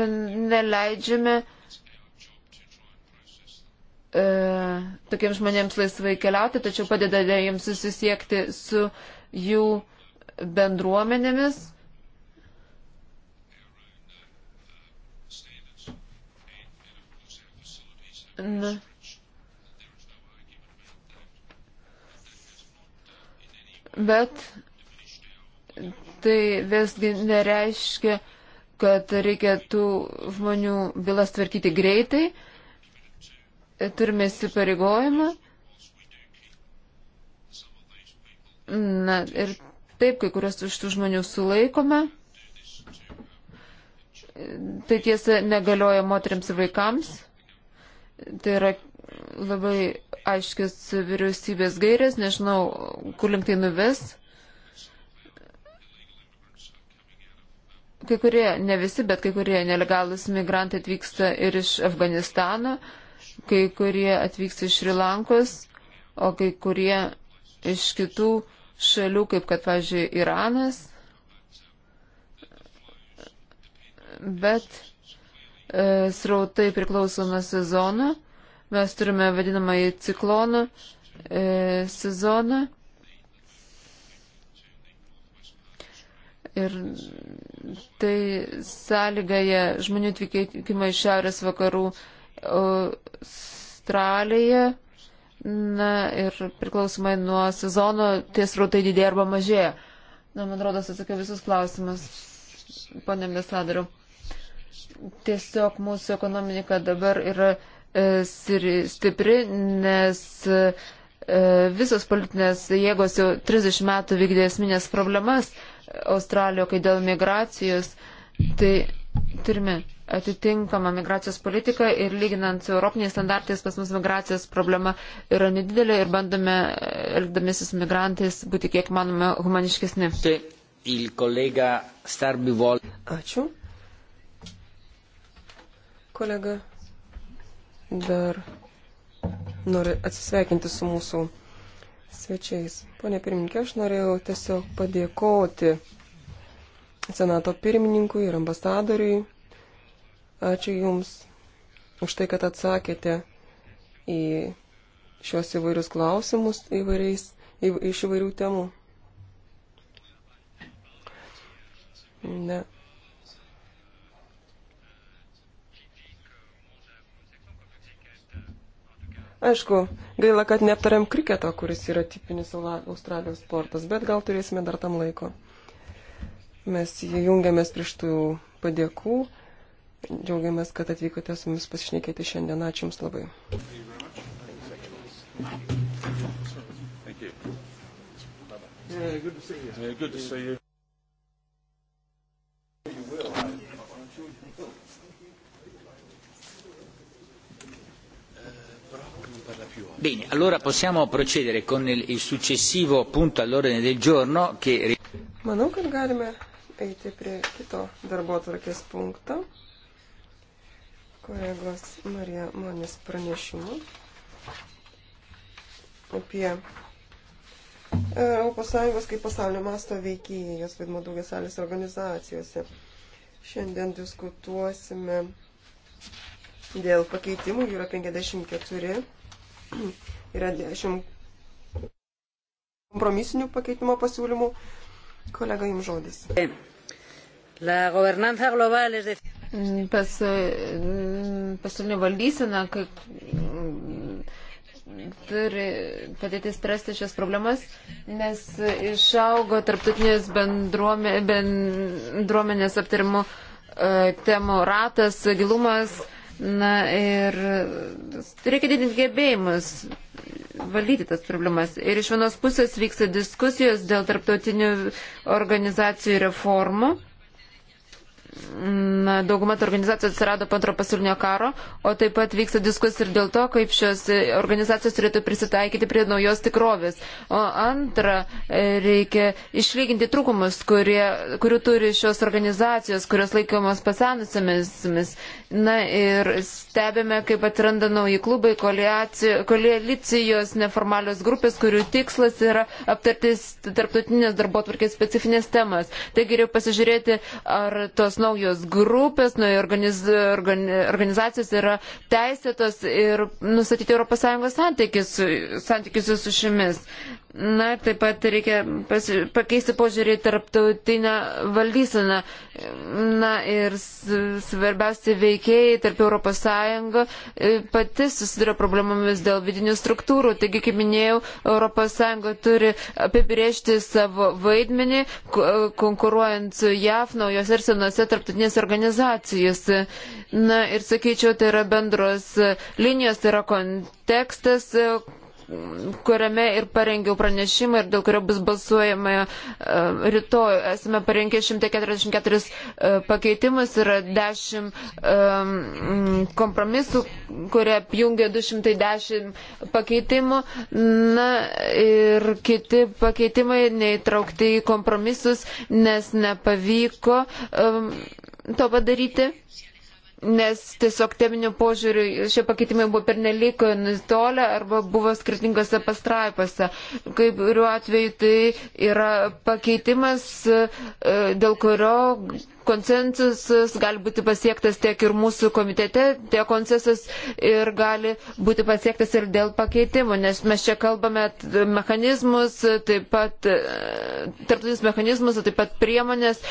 neleidžiame e, tokiems žmonėms laisvai keliauti, tačiau padedame jiems susisiekti su jų bendruomenėmis. Na. bet tai visgi nereiškia, kad reikia tų žmonių bylas tvarkyti greitai. Turime įsipareigojimą. Na ir taip, kai kurias iš tų žmonių sulaikome. Tai tiesa negalioja moteriams ir vaikams. Tai yra labai aiškius vyriausybės gairės, nežinau, kur link tai nuves. Kai kurie, ne visi, bet kai kurie nelegalus migrantai atvyksta ir iš Afganistano, kai kurie atvyksta iš Šrilankos, o kai kurie iš kitų šalių, kaip kad, pavyzdžiui, Iranas. Bet e, srautai priklauso nuo sezono. Mes turime vadinamąjį ciklonų e, sezoną. Ir tai sąlygoje žmonių atvykimą iš šiaurės vakarų Australiją. Na ir priklausomai nuo sezono tie srautai didėja arba mažėja. Na, man rodos, atsakiau visus klausimus, ponė ambasadoriu. Tiesiog mūsų ekonomika dabar yra E, stipri, nes e, visos politinės jėgos jau 30 metų vykdė esminės problemas Australijoje, kai dėl migracijos. Tai turime atitinkamą migracijos politiką ir lyginant su europiniais standartais pas mus migracijos problema yra nedidelė ir bandome, e, elgdamėsi su migrantais, būti kiek manome humaniškesni. Tai Ačiū. Kolega dar noriu atsisveikinti su mūsų svečiais. Pone pirmininkė, aš norėjau tiesiog padėkoti Senato pirmininkui ir ambasadoriui. Ačiū Jums už tai, kad atsakėte į šios įvairius klausimus įvairiais, į, iš įvairių temų. Ne. Aišku, gaila, kad neaptariam kriketo, kuris yra tipinis Australijos sportas, bet gal turėsime dar tam laiko. Mes jungiamės prieš tų padėkų. Džiaugiamės, kad atvykote su mumis pasišnekėti šiandien. Ačiū Jums labai. Yeah, good to see you. Yeah, good to see you. You will. Bene, allora possiamo procedere con il successivo punto all'ordine del giorno che... Manau, kad galime eiti prie kito darbo atvarkės punkto, kolegos Marija Monės pranešimu apie ES kaip pasaulio masto veikėjai, jos vaidmo daugia salės organizacijose. Šiandien diskutuosime dėl pakeitimų, jų yra 54 Yra dešimt kompromisinių pakeitimo pasiūlymų. Kolega, jums žodis. La gobernanza global es decir. Pas, pasaulinė valdysena, kaip turi padėti spręsti šias problemas, nes išaugo tarptautinės bendruomenės aptarimo e, temų ratas, gilumas. Na ir reikia didinti gebėjimus valdyti tas problemas. Ir iš vienos pusės vyksta diskusijos dėl tarptautinių organizacijų reformų na, dauguma tų organizacijų atsirado po antro pasaulinio karo, o taip pat vyksta diskusija ir dėl to, kaip šios organizacijos turėtų prisitaikyti prie naujos tikrovės. O antra, e, reikia išlyginti trūkumus, kurie, kurių turi šios organizacijos, kurios laikomos pasenusiamis. Na ir stebime, kaip atranda nauji klubai, koalicijos, neformalios grupės, kurių tikslas yra aptartis tarptautinės darbo tvarkės specifinės temas. Taigi reikia pasižiūrėti, ar tos naujos grupės, naujos organiz, organizacijos yra teisėtos ir nustatyti ES santykius su, su šimis. Na ir taip pat reikia pasi, pakeisti požiūrį į tarptautinę valdyseną. Na ir svarbiausi veikėjai tarp ES e, pati susiduria problemomis dėl vidinių struktūrų. Taigi, kaip minėjau, ES turi apibriežti savo vaidmenį, e, konkuruojant su JAF naujose ir senose tarptautinėse organizacijose. Na ir sakyčiau, tai yra bendros linijos, tai yra kontekstas kuriame ir parengiau pranešimą ir dėl kurio bus balsuojama e, rytoj. Esame parengę 144 e, pakeitimus, yra 10 e, kompromisų, kurie apjungia 210 pakeitimų. Na ir kiti pakeitimai neįtraukti į kompromisus, nes nepavyko to padaryti nes tiesiog teminių požiūrių šie pakeitimai buvo pernelyg nutolę arba buvo skirtingose pastraipose. Kaip kuriuo atveju tai yra pakeitimas, e, dėl kurio konsensusas gali būti pasiektas tiek ir mūsų komitete, tiek konsensusas ir gali būti pasiektas ir dėl pakeitimų, nes mes čia kalbame mechanizmus, taip pat e, tarptautinius mechanizmus, taip pat priemonės,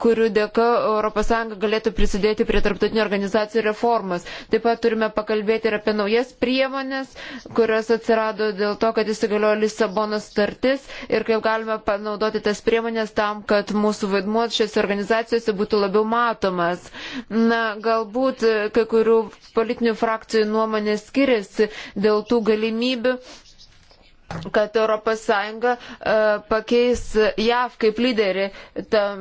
kurių dėka ES galėtų prisidėti prie tarptautinių organizacijų reformos. Taip pat turime pakalbėti ir apie naujas priemonės, kurios atsirado dėl to, kad įsigaliojo Lisabonos startis ir kaip galime panaudoti tas priemonės tam, kad mūsų vaidmuo šiose organizacijose parlamentu būtų labiau matomas. Na, galbūt kai kurių politinių frakcijų nuomonės skiriasi dėl tų galimybių kad ES e, pakeis JAV kaip lyderį tam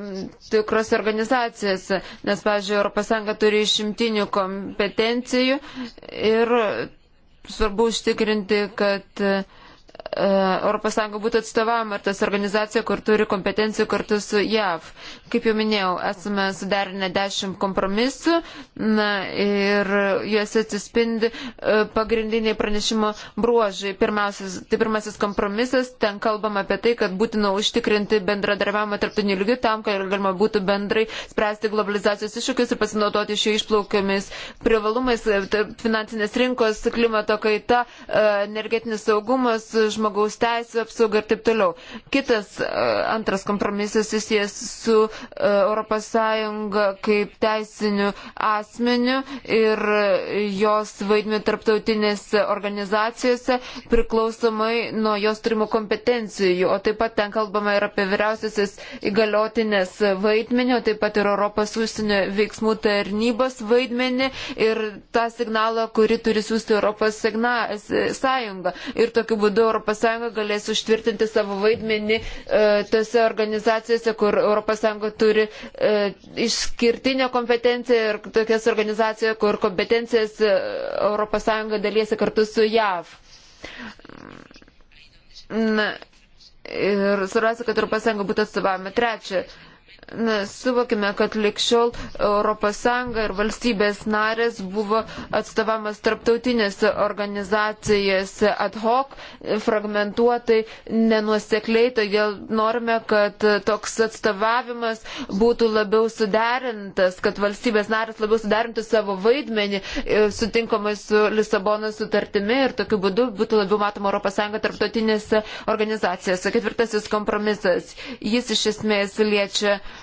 tikros organizacijose, nes, pavyzdžiui, ES turi išimtinių kompetencijų ir svarbu užtikrinti, kad uh, ES būtų atstovavama ir tas organizacija, kur turi kompetencijų kartu su JAV. Kaip jau minėjau, esame sudarinę dešimt kompromisų na, ir juose atsispindi e, pagrindiniai pranešimo bruožai. Pirmiausias, tai pirmasis kompromisas, ten kalbam apie tai, kad būtina užtikrinti bendradarbiavimą tarptautiniu lygiu tam, kad galima būtų bendrai spręsti globalizacijos iššūkius ir pasinaudoti iš jų išplaukiamis privalumais, finansinės rinkos, klimato kaita, e, energetinis saugumas, žmogaus žmogaus teisų apsauga ir taip toliau. Kitas e, antras kompromisas susijęs su ES kaip teisiniu asmeniu ir jos vaidmiu tarptautinėse organizacijose priklausomai nuo jos turimų kompetencijų. O taip pat ten kalbama ir apie vyriausiasis įgaliotinės vaidmenį, o taip pat ir Europos užsienio veiksmų tarnybos vaidmenį ir tą signalą, kurį turi siūsti Europos signa, sąjunga. Ir tokiu būdu Europos ES galės užtvirtinti savo vaidmenį e, tose organizacijose, kur ES turi e, išskirtinę kompetenciją ir tokias organizacijas, kur kompetencijas ES dalysi kartu su JAV. Na, ir svarbiausia, kad ES būtų atstovavime. Trečia na, suvokime, kad likščiol ES ir valstybės narės buvo atstovamas tarptautinėse organizacijose ad hoc, fragmentuotai, nenuosekliai, todėl norime, kad toks atstovavimas būtų labiau suderintas, kad valstybės narės labiau suderintų savo vaidmenį e, sutinkamai su Lisabono sutartimi ir tokiu būdu būtų labiau matoma ES tarptautinėse organizacijose. Ketvirtasis kompromisas. Jis iš esmės liečia uh,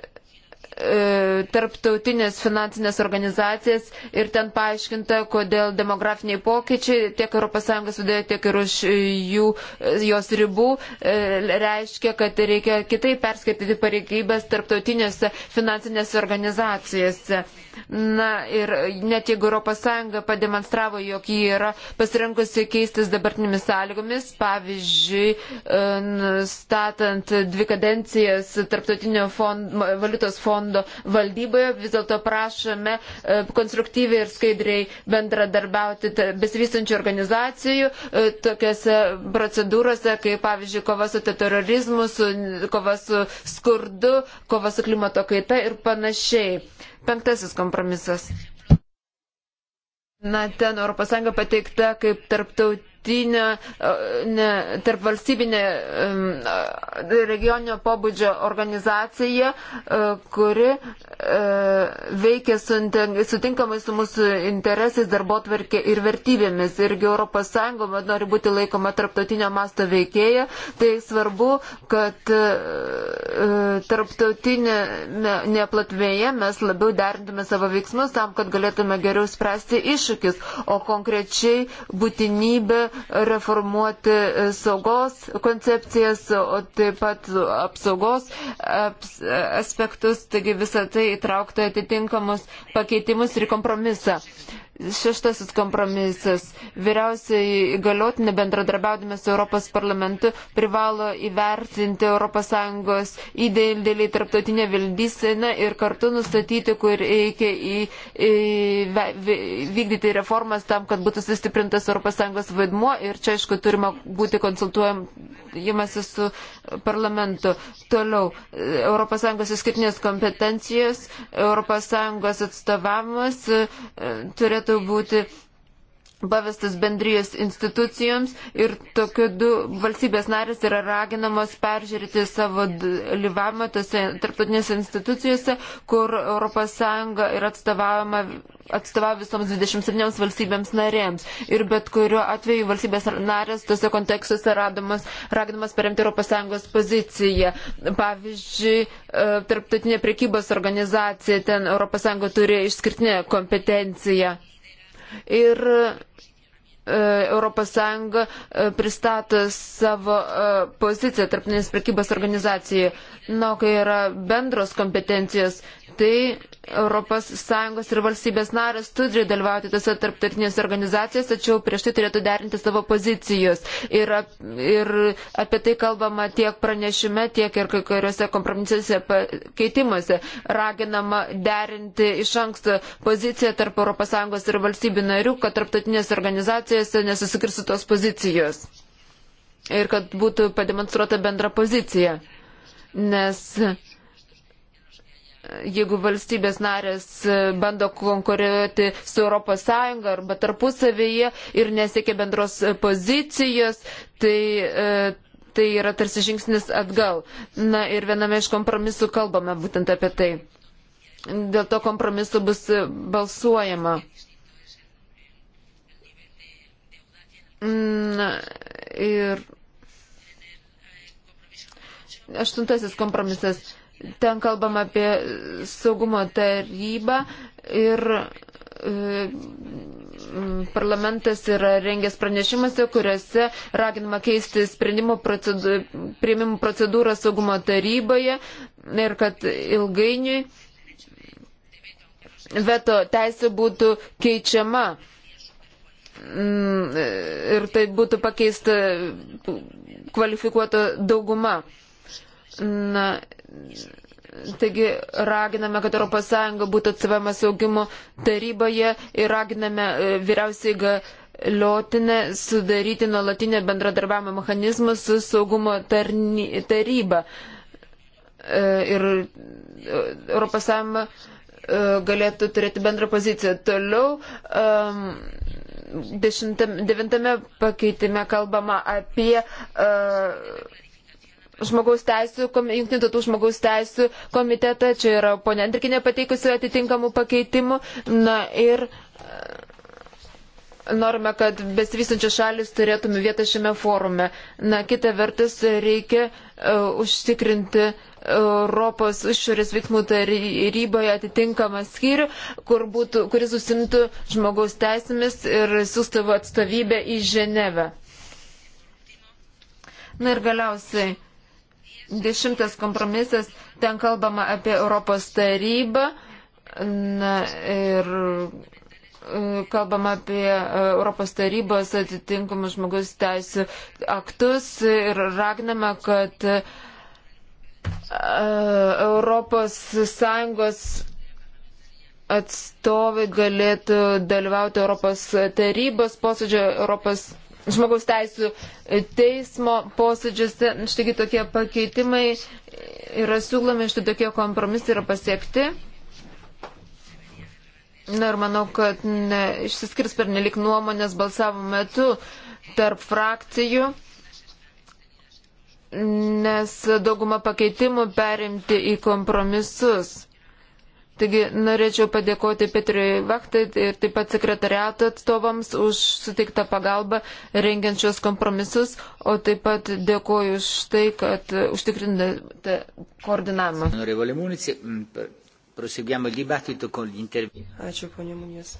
E, tarptautinės finansinės organizacijas ir ten paaiškinta, kodėl demografiniai pokyčiai tiek ES viduje, tiek ir už jų, jos ribų e, reiškia, kad reikia kitai perskaityti pareigybės tarptautinėse finansinėse organizacijose. Na ir net jeigu ES pademonstravo, jog jį yra pasirinkusi keistis dabartinėmis sąlygomis, pavyzdžiui, e, statant dvi kadencijas tarptautinio fond, valiutos fondo, fondo valdyboje. Vis dėlto prašome e, konstruktyviai ir skaidriai bendradarbiauti besivystančių organizacijų e, tokiuose procedūrose, kaip pavyzdžiui, kova su terorizmu, su, kova su skurdu, kova su klimato kaita ir panašiai. Penktasis kompromisas. Na, ten ES pateikta kaip tarptautinė tarptautinio, e, ne, tarp valstybinė e, regioninio pobūdžio organizacija, e, kuri veikia su, sutinkamai su mūsų interesais, darbo tvarkė ir vertybėmis. Irgi ES nori būti laikoma tarptautinio masto veikėja. Tai svarbu, kad tarptautinėme neplatmėje mes labiau derintume savo veiksmus tam, kad galėtume geriau spręsti iššūkius, o konkrečiai būtinybė reformuoti saugos koncepcijas, o taip pat apsaugos aps, aspektus, taigi visą tai įtraukta atitinkamus pakeitimus ir kompromisą. Šeštasis kompromisas. Vyriausiai įgaliotinė bendradarbiaudami su Europos parlamentu privalo įvertinti ES įdėlį tarptautinę valdyseną ir kartu nustatyti, kur reikia į, į, vykdyti reformas tam, kad būtų sustiprintas ES vaidmuo ir čia, aišku, turime būti konsultuojamasi su parlamentu. Toliau, ES išskirtinės kompetencijos, ES atstovavimas e, turėtų turėtų būti pavestas bendrijos institucijoms ir tokiu du valstybės narės yra raginamos peržiūrėti savo dalyvavimą tose tarptautinėse institucijose, kur ES yra atstovavama atstovauja visoms 27 valstybėms narėms. Ir bet kuriuo atveju valstybės narės tose kontekstuose radamas, raginamas paremti ES poziciją. Pavyzdžiui, e, tarptautinė prekybos organizacija, ten ES turi išskirtinę kompetenciją. Ir ES e, pristato savo e, poziciją tarptinės prekybos organizacijoje. Na, kai yra bendros kompetencijos, tai ES ir valstybės narės turi dalyvauti tose tarptautinėse organizacijose, tačiau prieš tai turėtų derinti savo pozicijos. Ir, ir apie tai kalbama tiek pranešime, tiek ir kai kuriuose kompromisėse keitimuose. Raginama derinti iš anksto poziciją tarp ES ir valstybių narių, kad tarptautinės organizacijos deklaracijose nesusikirsitos pozicijos ir kad būtų pademonstruota bendra pozicija. Nes jeigu valstybės narės bando konkuruoti su ES arba tarpusavyje ir nesiekia bendros pozicijos, tai. E, tai yra tarsi žingsnis atgal. Na ir viename iš kompromisų kalbame būtent apie tai. Dėl to kompromisu bus balsuojama. Na, ir aštuntasis kompromisas. Ten kalbam apie saugumo tarybą ir e, parlamentas yra rengęs pranešimuose, kuriuose raginama keisti sprendimo procedūrą, prieimimų procedūrą saugumo taryboje ir kad ilgainiui veto teisė būtų keičiama Mm, ir tai būtų pakeista kvalifikuota dauguma. Na, taigi raginame, kad ES būtų atsivama saugimo taryboje ir raginame e, vyriausiai galiotinę sudaryti nuolatinę bendradarbiavimo mechanizmą su saugumo tarny, taryba. E, ir ES e, galėtų turėti bendrą poziciją. Toliau um, 29 pakeitime kalbama apie uh, žmogaus teisų, jungtinių tautų žmogaus teisų komitetą, čia yra ponė Andrikinė pateikusi atitinkamų pakeitimų. Na ir e, norime, kad besivystančios šalis turėtume vietą šiame forume. Na, kita vertus, reikia uh, užtikrinti uh, Europos išorės veiksmų taryboje atitinkamą skyrių, kur būtų, kuris susimtų žmogaus teisėmis ir siūstavo atstovybę į Ženevę. Na ir galiausiai dešimtas kompromisas, ten kalbama apie Europos tarybą na, ir e, kalbam apie e, Europos tarybos atitinkamus žmogus teisų aktus ir ragname, kad ES atstovai galėtų dalyvauti Europos tarybos posėdžio, Europos žmogaus teisų teismo posėdžiuose. Štai tokie pakeitimai yra siūlomi, štai tokie kompromisai yra pasiekti. Na ir manau, kad ne, išsiskirs per nelik nuomonės balsavimo metu tarp frakcijų nes dauguma pakeitimų perimti į kompromisus. Taigi norėčiau padėkoti Petriui Vaktai ir taip pat sekretariato atstovams už suteiktą pagalbą rengiančios kompromisus, o taip pat dėkoju už tai, kad užtikrinate koordinavimą. Ačiū, ponė Munės.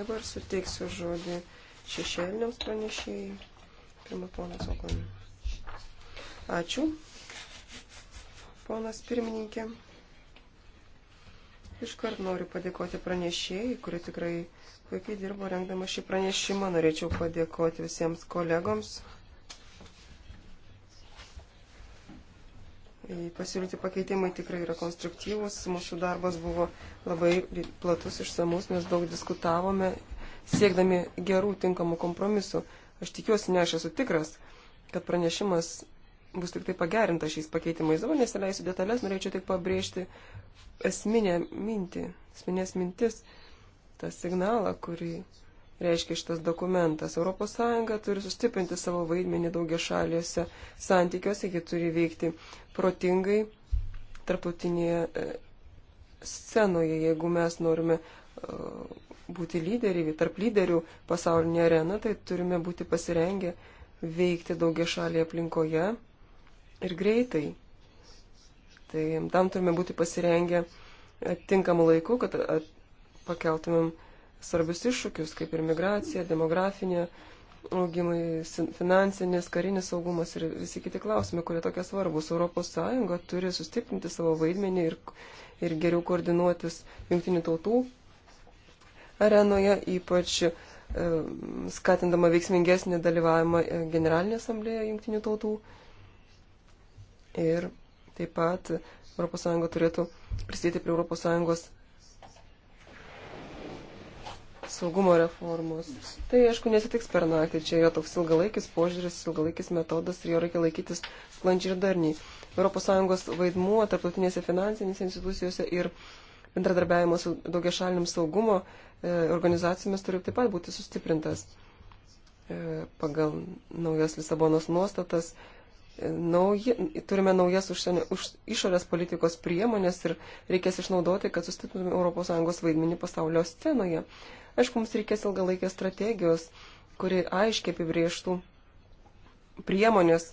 Dabar suteiksiu žodį šešėliniams pranešėjai. Pirma, ponas Okonė. Ačiū, ponas pirmininkė. Iškart noriu padėkoti pranešėjai, kurie tikrai puikiai dirbo rengdama šį pranešimą. Norėčiau padėkoti visiems kolegoms. Pasiūlyti pakeitimai tikrai yra konstruktyvūs. Mūsų darbas buvo labai platus, išsamus, mes daug diskutavome, siekdami gerų, tinkamų kompromisų. Aš tikiuosi, ne aš esu tikras, kad pranešimas bus tik tai pagerinta šiais pakeitimais. Dabar nesileisiu detalės, norėčiau tik pabrėžti esminę mintį, esminės mintis, tą signalą, kurį reiškia šitas dokumentas. ES turi sustiprinti savo vaidmenį daugia šaliuose santykiuose, ji turi veikti protingai tarptautinėje e, scenoje, jeigu mes norime e, būti lyderiai, tarp lyderių pasaulinė arena, tai turime būti pasirengę veikti daugia šalyje aplinkoje ir greitai. Tai tam turime būti pasirengę tinkamu laiku, kad pakeltumėm svarbius iššūkius, kaip ir migracija, demografinė augimai, finansinis, karinis saugumas ir visi kiti klausimai, kurie tokie svarbus. Europos Sąjunga turi sustiprinti savo vaidmenį ir, ir geriau koordinuotis jungtinių tautų arenoje, ypač e, skatindama veiksmingesnį dalyvavimą e, Generalinė asamblėje jungtinių tautų. E, ir taip pat ES turėtų prisidėti prie ES saugumo reformos. Tai, aišku, nesitiks per naktį, čia yra toks ilgalaikis požiūris, ilgalaikis metodas ir jo reikia laikytis sklandžiai ir darniai. ES vaidmuo tarptautinėse finansinėse institucijose ir bendradarbiavimo su daugia šalinim saugumo e, organizacijomis turi taip pat būti sustiprintas e, pagal naujas Lisabonos nuostatas. E, nauji, turime naujas užsienio, už, išorės politikos priemonės ir reikės išnaudoti, kad sustiprintume ES vaidmenį pasaulio scenoje. Aišku, mums reikės ilgalaikės strategijos, kuri aiškiai apibrieštų priemonės,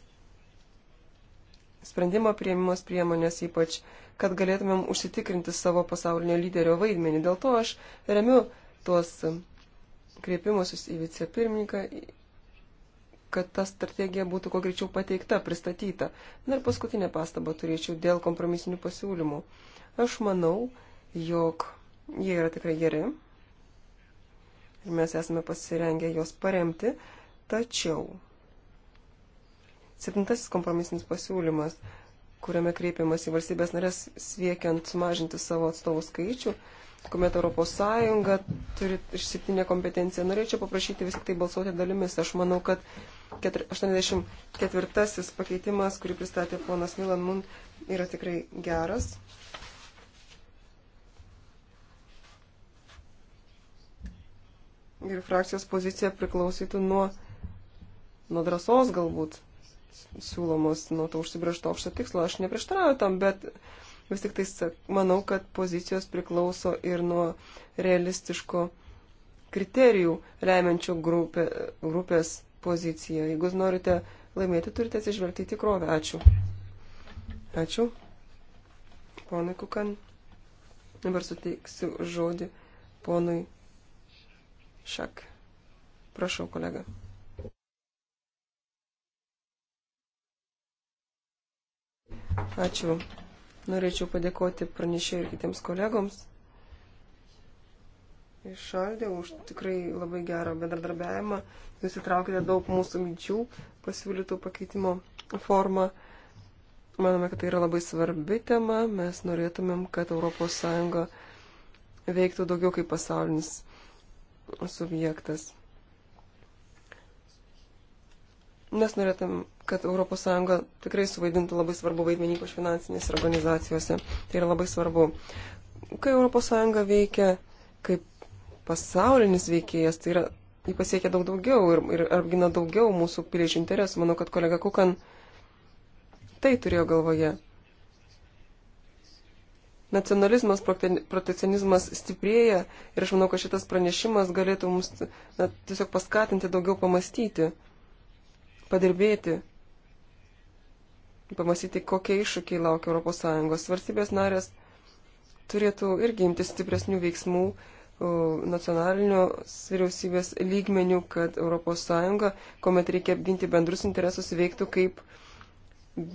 sprendimo prieimimas priemonės ypač, kad galėtumėm užsitikrinti savo pasaulinio lyderio vaidmenį. Dėl to aš remiu tuos kreipimusius į vicepirmininką, kad ta strategija būtų kuo greičiau pateikta, pristatyta. Na ir paskutinę pastabą turėčiau dėl kompromisinių pasiūlymų. Aš manau, jog jie yra tikrai geri ir mes esame pasirengę juos paremti, tačiau septintasis kompromisinis pasiūlymas, kuriame kreipiamas į valstybės narės siekiant sumažinti savo atstovų skaičių, kuomet Europos Sąjunga turi išsitinę kompetenciją. Norėčiau paprašyti vis tik tai balsuoti dalimis. Aš manau, kad 84 pakeitimas, kurį pristatė ponas Milan Mun, yra tikrai geras. Ir frakcijos pozicija priklausytų nuo, nuo drąsos galbūt siūlomos, nuo to užsibriežto aukšto tikslo. Aš neprieštarauju tam, bet vis tik tai manau, kad pozicijos priklauso ir nuo realistiško kriterijų remiančių grupė, grupės poziciją. Jeigu norite laimėti, turite atsižvelgti į tikrovę. Ačiū. Ačiū. Ponui Kukan. Dabar suteiksiu žodį ponui Šak. Prašau, kolega. Ačiū. Norėčiau padėkoti pranešėjai ir kitiems kolegoms išaldė už tikrai labai gerą bendradarbiavimą. Jūs įtraukite daug mūsų minčių pasiūlytų pakeitimo formą. Manome, kad tai yra labai svarbi tema. Mes norėtumėm, kad ES veiktų daugiau kaip pasaulinis subjektas. Mes norėtum, kad ES tikrai suvaidintų labai svarbu vaidmenį, ypač finansinėse organizacijose. Tai yra labai svarbu. Kai ES veikia kaip pasaulinis veikėjas, tai yra, jį pasiekia daug daugiau ir, ir apgina daugiau mūsų piliečių interesų. Manau, kad kolega Kukan tai turėjo galvoje. Nacionalizmas, protekcionizmas stiprėja ir aš manau, kad šitas pranešimas galėtų mums na, tiesiog paskatinti daugiau pamastyti, padirbėti, pamastyti, kokie iššūkiai laukia ES. Varstybės narės turėtų irgi imti stipresnių veiksmų nacionalinių vyriausybės lygmenių, kad ES, kuomet reikia apginti bendrus interesus, veiktų kaip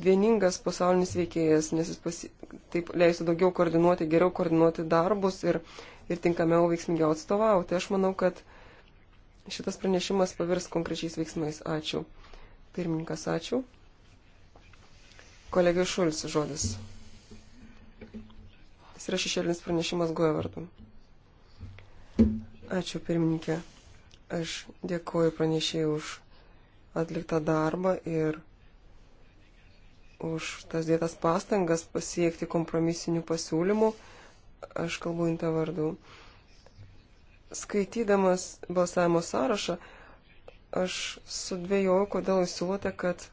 vieningas pasaulinis veikėjas, nes jis pasi... taip leistų daugiau koordinuoti, geriau koordinuoti darbus ir, ir tinkamiau veiksmingiau atstovauti. Aš manau, kad šitas pranešimas pavirs konkrečiais veiksmais. Ačiū. Pirmininkas, ačiū. Kolegai Šulis žodis. Jis yra šešėlinis pranešimas Goja vardu. Ačiū pirmininkė. Aš dėkuoju pranešėjai už atliktą darbą ir už tas dėtas pastangas pasiekti kompromisinių pasiūlymų. Aš kalbu intą vardu. Skaitydamas balsavimo sąrašą, aš sudvėjau, kodėl jūs siūlote, kad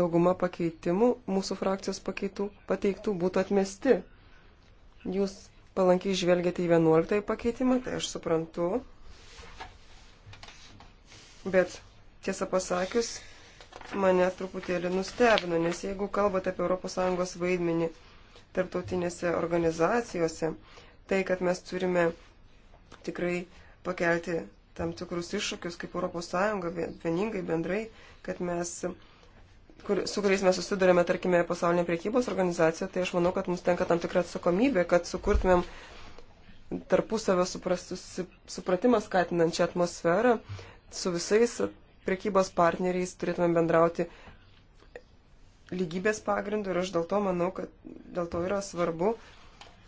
dauguma pakeitimų mūsų frakcijos pakeitų, pateiktų būtų atmesti. Jūs palankiai žvelgiate į 11 pakeitimą, tai aš suprantu. Bet tiesą pasakius, mane truputėlį nustebino, nes jeigu kalbate apie ES vaidmenį tarptautinėse organizacijose, tai, kad mes turime tikrai pakelti tam tikrus iššūkius kaip ES vieningai bendrai, kad mes kur, su kuriais mes susidurėme, tarkime, pasaulinė priekybos organizacija, tai aš manau, kad mums tenka tam tikra atsakomybė, kad sukurtumėm tarpusavio supratimą skatinančią atmosferą, su visais priekybos partneriais turėtumėm bendrauti lygybės pagrindu ir aš dėl to manau, kad dėl to yra svarbu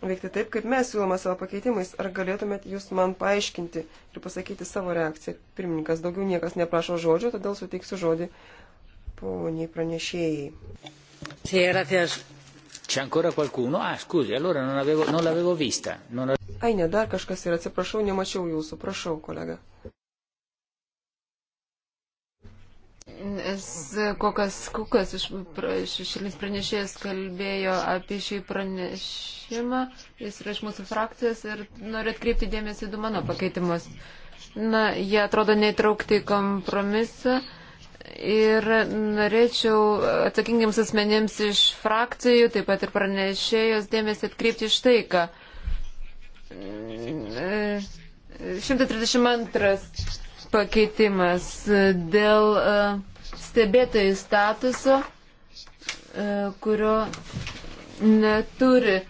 veikti taip, kaip mes siūlome savo pakeitimais. Ar galėtumėt jūs man paaiškinti ir pasakyti savo reakciją? Pirmininkas, daugiau niekas neprašo žodžio, todėl suteiksiu žodį poniai pranešėjai. C'è ancora qualcuno? Ah, scusi, allora non, avevo, non l'avevo vista. Non... Ai ne, dar kažkas yra, atsiprašau, nemačiau jūsų, prašau, kolega. Kokas Kukas iš šešėlis pranešėjas kalbėjo apie šį pranešimą, jis yra iš mūsų frakcijos ir noriu atkreipti dėmesį du mano pakeitimus. Na, jie atrodo neįtraukti į kompromisą. Uh, Ir norėčiau atsakingiams asmenėms iš frakcijų, taip pat ir pranešėjos dėmesį atkreipti iš tai, ką. 132 mm, e, pakeitimas dėl e, stebėtojų statuso, e, kurio neturi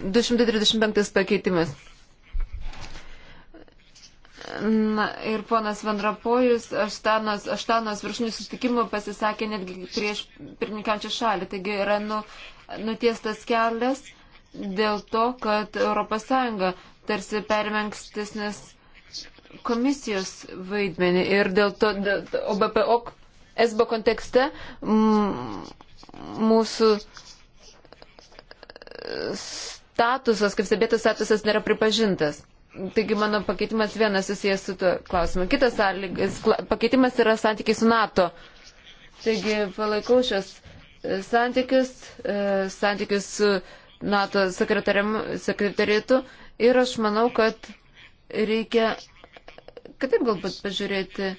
235 pakeitimas. Na, ir ponas Vendrapojus Aštanos, aštanos viršinių susitikimų pasisakė netgi prieš pirmininkiančią šalį. Taigi yra nu, nutiestas kelias dėl to, kad ES tarsi permenkstesnės komisijos vaidmenį ir dėl to dėl OBPO SBO kontekste m, mūsų statusas, kaip stebėtas statusas nėra pripažintas. Taigi mano pakeitimas vienas susijęs su tuo klausimu. Kitas sąlygas, pakeitimas yra santykiai su NATO. Taigi palaikau šios e, santykius, e, santykius su NATO sekretariatu ir aš manau, kad reikia kitaip galbūt pažiūrėti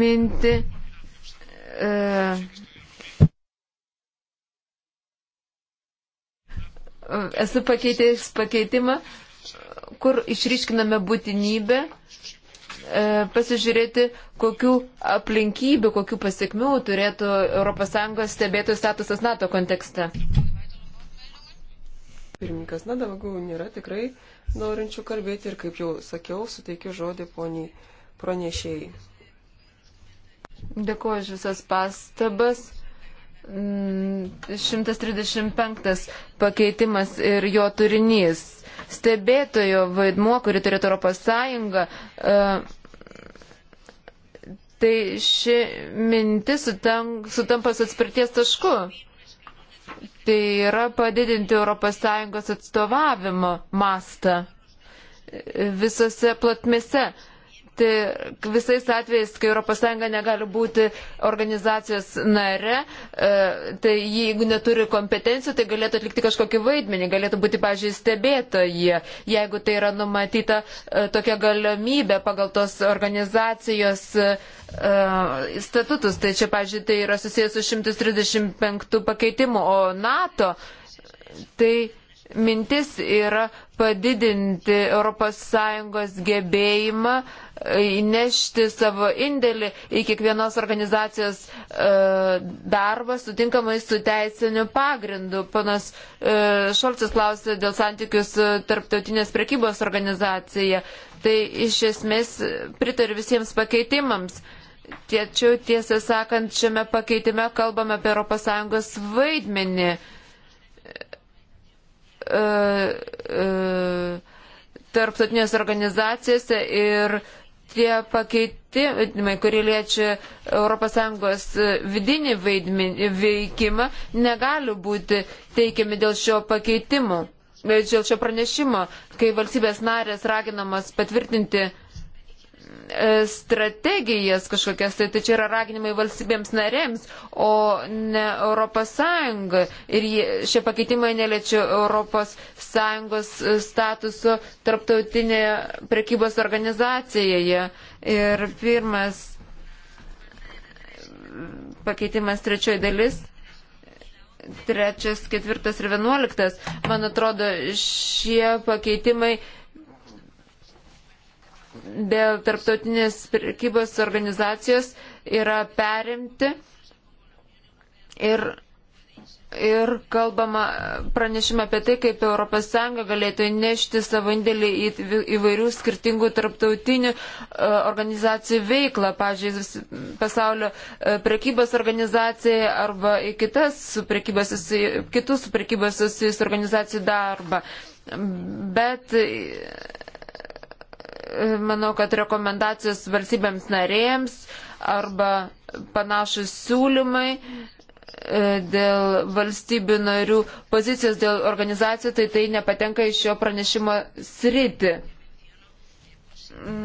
mintį. E, esu pakeitęs pakeitimą, kur išryškiname būtinybę e, pasižiūrėti, kokiu aplinkybių, kokiu pasiekmių turėtų ES stebėtojų statusas NATO kontekste. Pirmininkas, na daugiau nėra tikrai norinčių kalbėti ir, kaip jau sakiau, suteikiu žodį poniai pranešėjai. Dėkuoju už visas pastabas. 135 mm, pakeitimas ir jo turinys. Stebėtojo vaidmuo, kurį turėtų Europos Sąjunga, e, tai ši mintis sutampa su atspirties tašku. Tai yra padidinti ES atstovavimo mastą visose platmėse dirbti visais atvejais, kai ES negali būti organizacijos nare, e, tai jeigu neturi kompetencijų, tai galėtų atlikti kažkokį vaidmenį, galėtų būti, pažiūrėjau, stebėtojai, jeigu tai yra numatyta e, tokia galimybė pagal tos organizacijos e, statutus. Tai čia, pažiūrėjau, tai yra susijęs su 135 pakeitimu, o NATO tai mintis yra padidinti ES gebėjimą e, įnešti savo indėlį į kiekvienos organizacijos e, darbą sutinkamai su teisiniu pagrindu. Panas e, Šolcis klausė dėl santykių su tarptautinės prekybos organizacija. Tai iš esmės pritariu visiems pakeitimams. Tačiau tiesą sakant, šiame pakeitime kalbame apie ES vaidmenį. E, E, e, tarptautinės organizacijose ir tie pakeitimai, kurie liečia ES vidinį vaidmenį, veikimą, negali būti teikiami dėl šio pakeitimo, dėl šio pranešimo, kai valstybės narės raginamas patvirtinti E, strategijas kažkokias, tai, tai čia yra raginimai valstybėms narėms, o ne Europos Sąjunga. Ir šie pakeitimai neliečia Europos Sąjungos statuso tarptautinėje prekybos organizacijoje. Ir pirmas pakeitimas trečioji dalis. Trečias, ketvirtas ir vienuoliktas. Man atrodo, šie pakeitimai dėl tarptautinės prekybos organizacijos yra perimti ir, ir kalbama pranešime apie tai, kaip ES galėtų įnešti savo indėlį į įvairių skirtingų tarptautinių e, organizacijų veiklą, pažiūrėjau, pasaulio e, prekybos organizacijai arba į kitas su prekybos, kitus su prekybos organizacijų darbą. Bet manau, kad rekomendacijos valstybėms narėjams arba panašus siūlymai e, dėl valstybių narių pozicijos dėl organizacijų, tai tai nepatenka iš šio pranešimo sritį.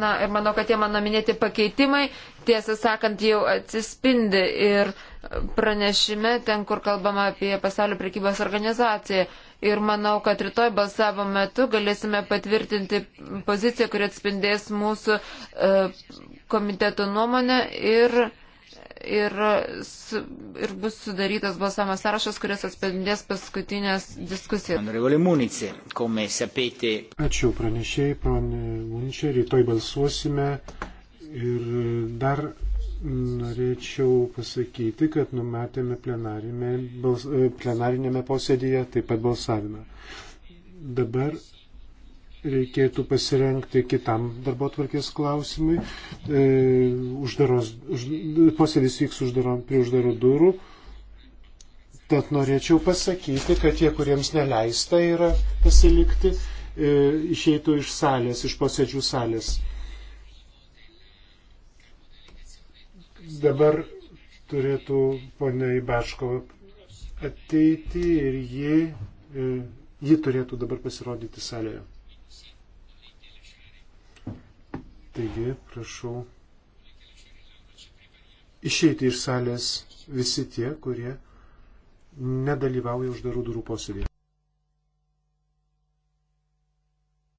Na ir manau, kad tie mano minėti pakeitimai, tiesą sakant, jau atsispindi ir pranešime ten, kur kalbama apie pasaulio prekybos organizaciją ir manau, kad rytoj balsavimo metu galėsime patvirtinti poziciją, kuri atspindės mūsų e, komiteto nuomonę ir, ir, ir bus sudarytas balsavimo sąrašas, kuris atspindės paskutinės diskusijas. Ačiū pranešėjai, pranešėjai, rytoj balsuosime ir dar Norėčiau pasakyti, kad numatėme bals, e, plenarinėme posėdėje taip pat balsavimą. Dabar reikėtų pasirenkti kitam darbo tvarkės klausimui. E, uždaros, už, posėdis vyks uždaro, prie uždarų durų. Tad norėčiau pasakyti, kad tie, kuriems neleista yra pasilikti, e, išeitų iš salės, iš posėdžių salės. dabar turėtų ponia Ibaško ateiti ir ji, e, ji turėtų dabar pasirodyti salėje. Taigi, prašau išeiti iš salės visi tie, kurie nedalyvauja uždarų durų posėdėje.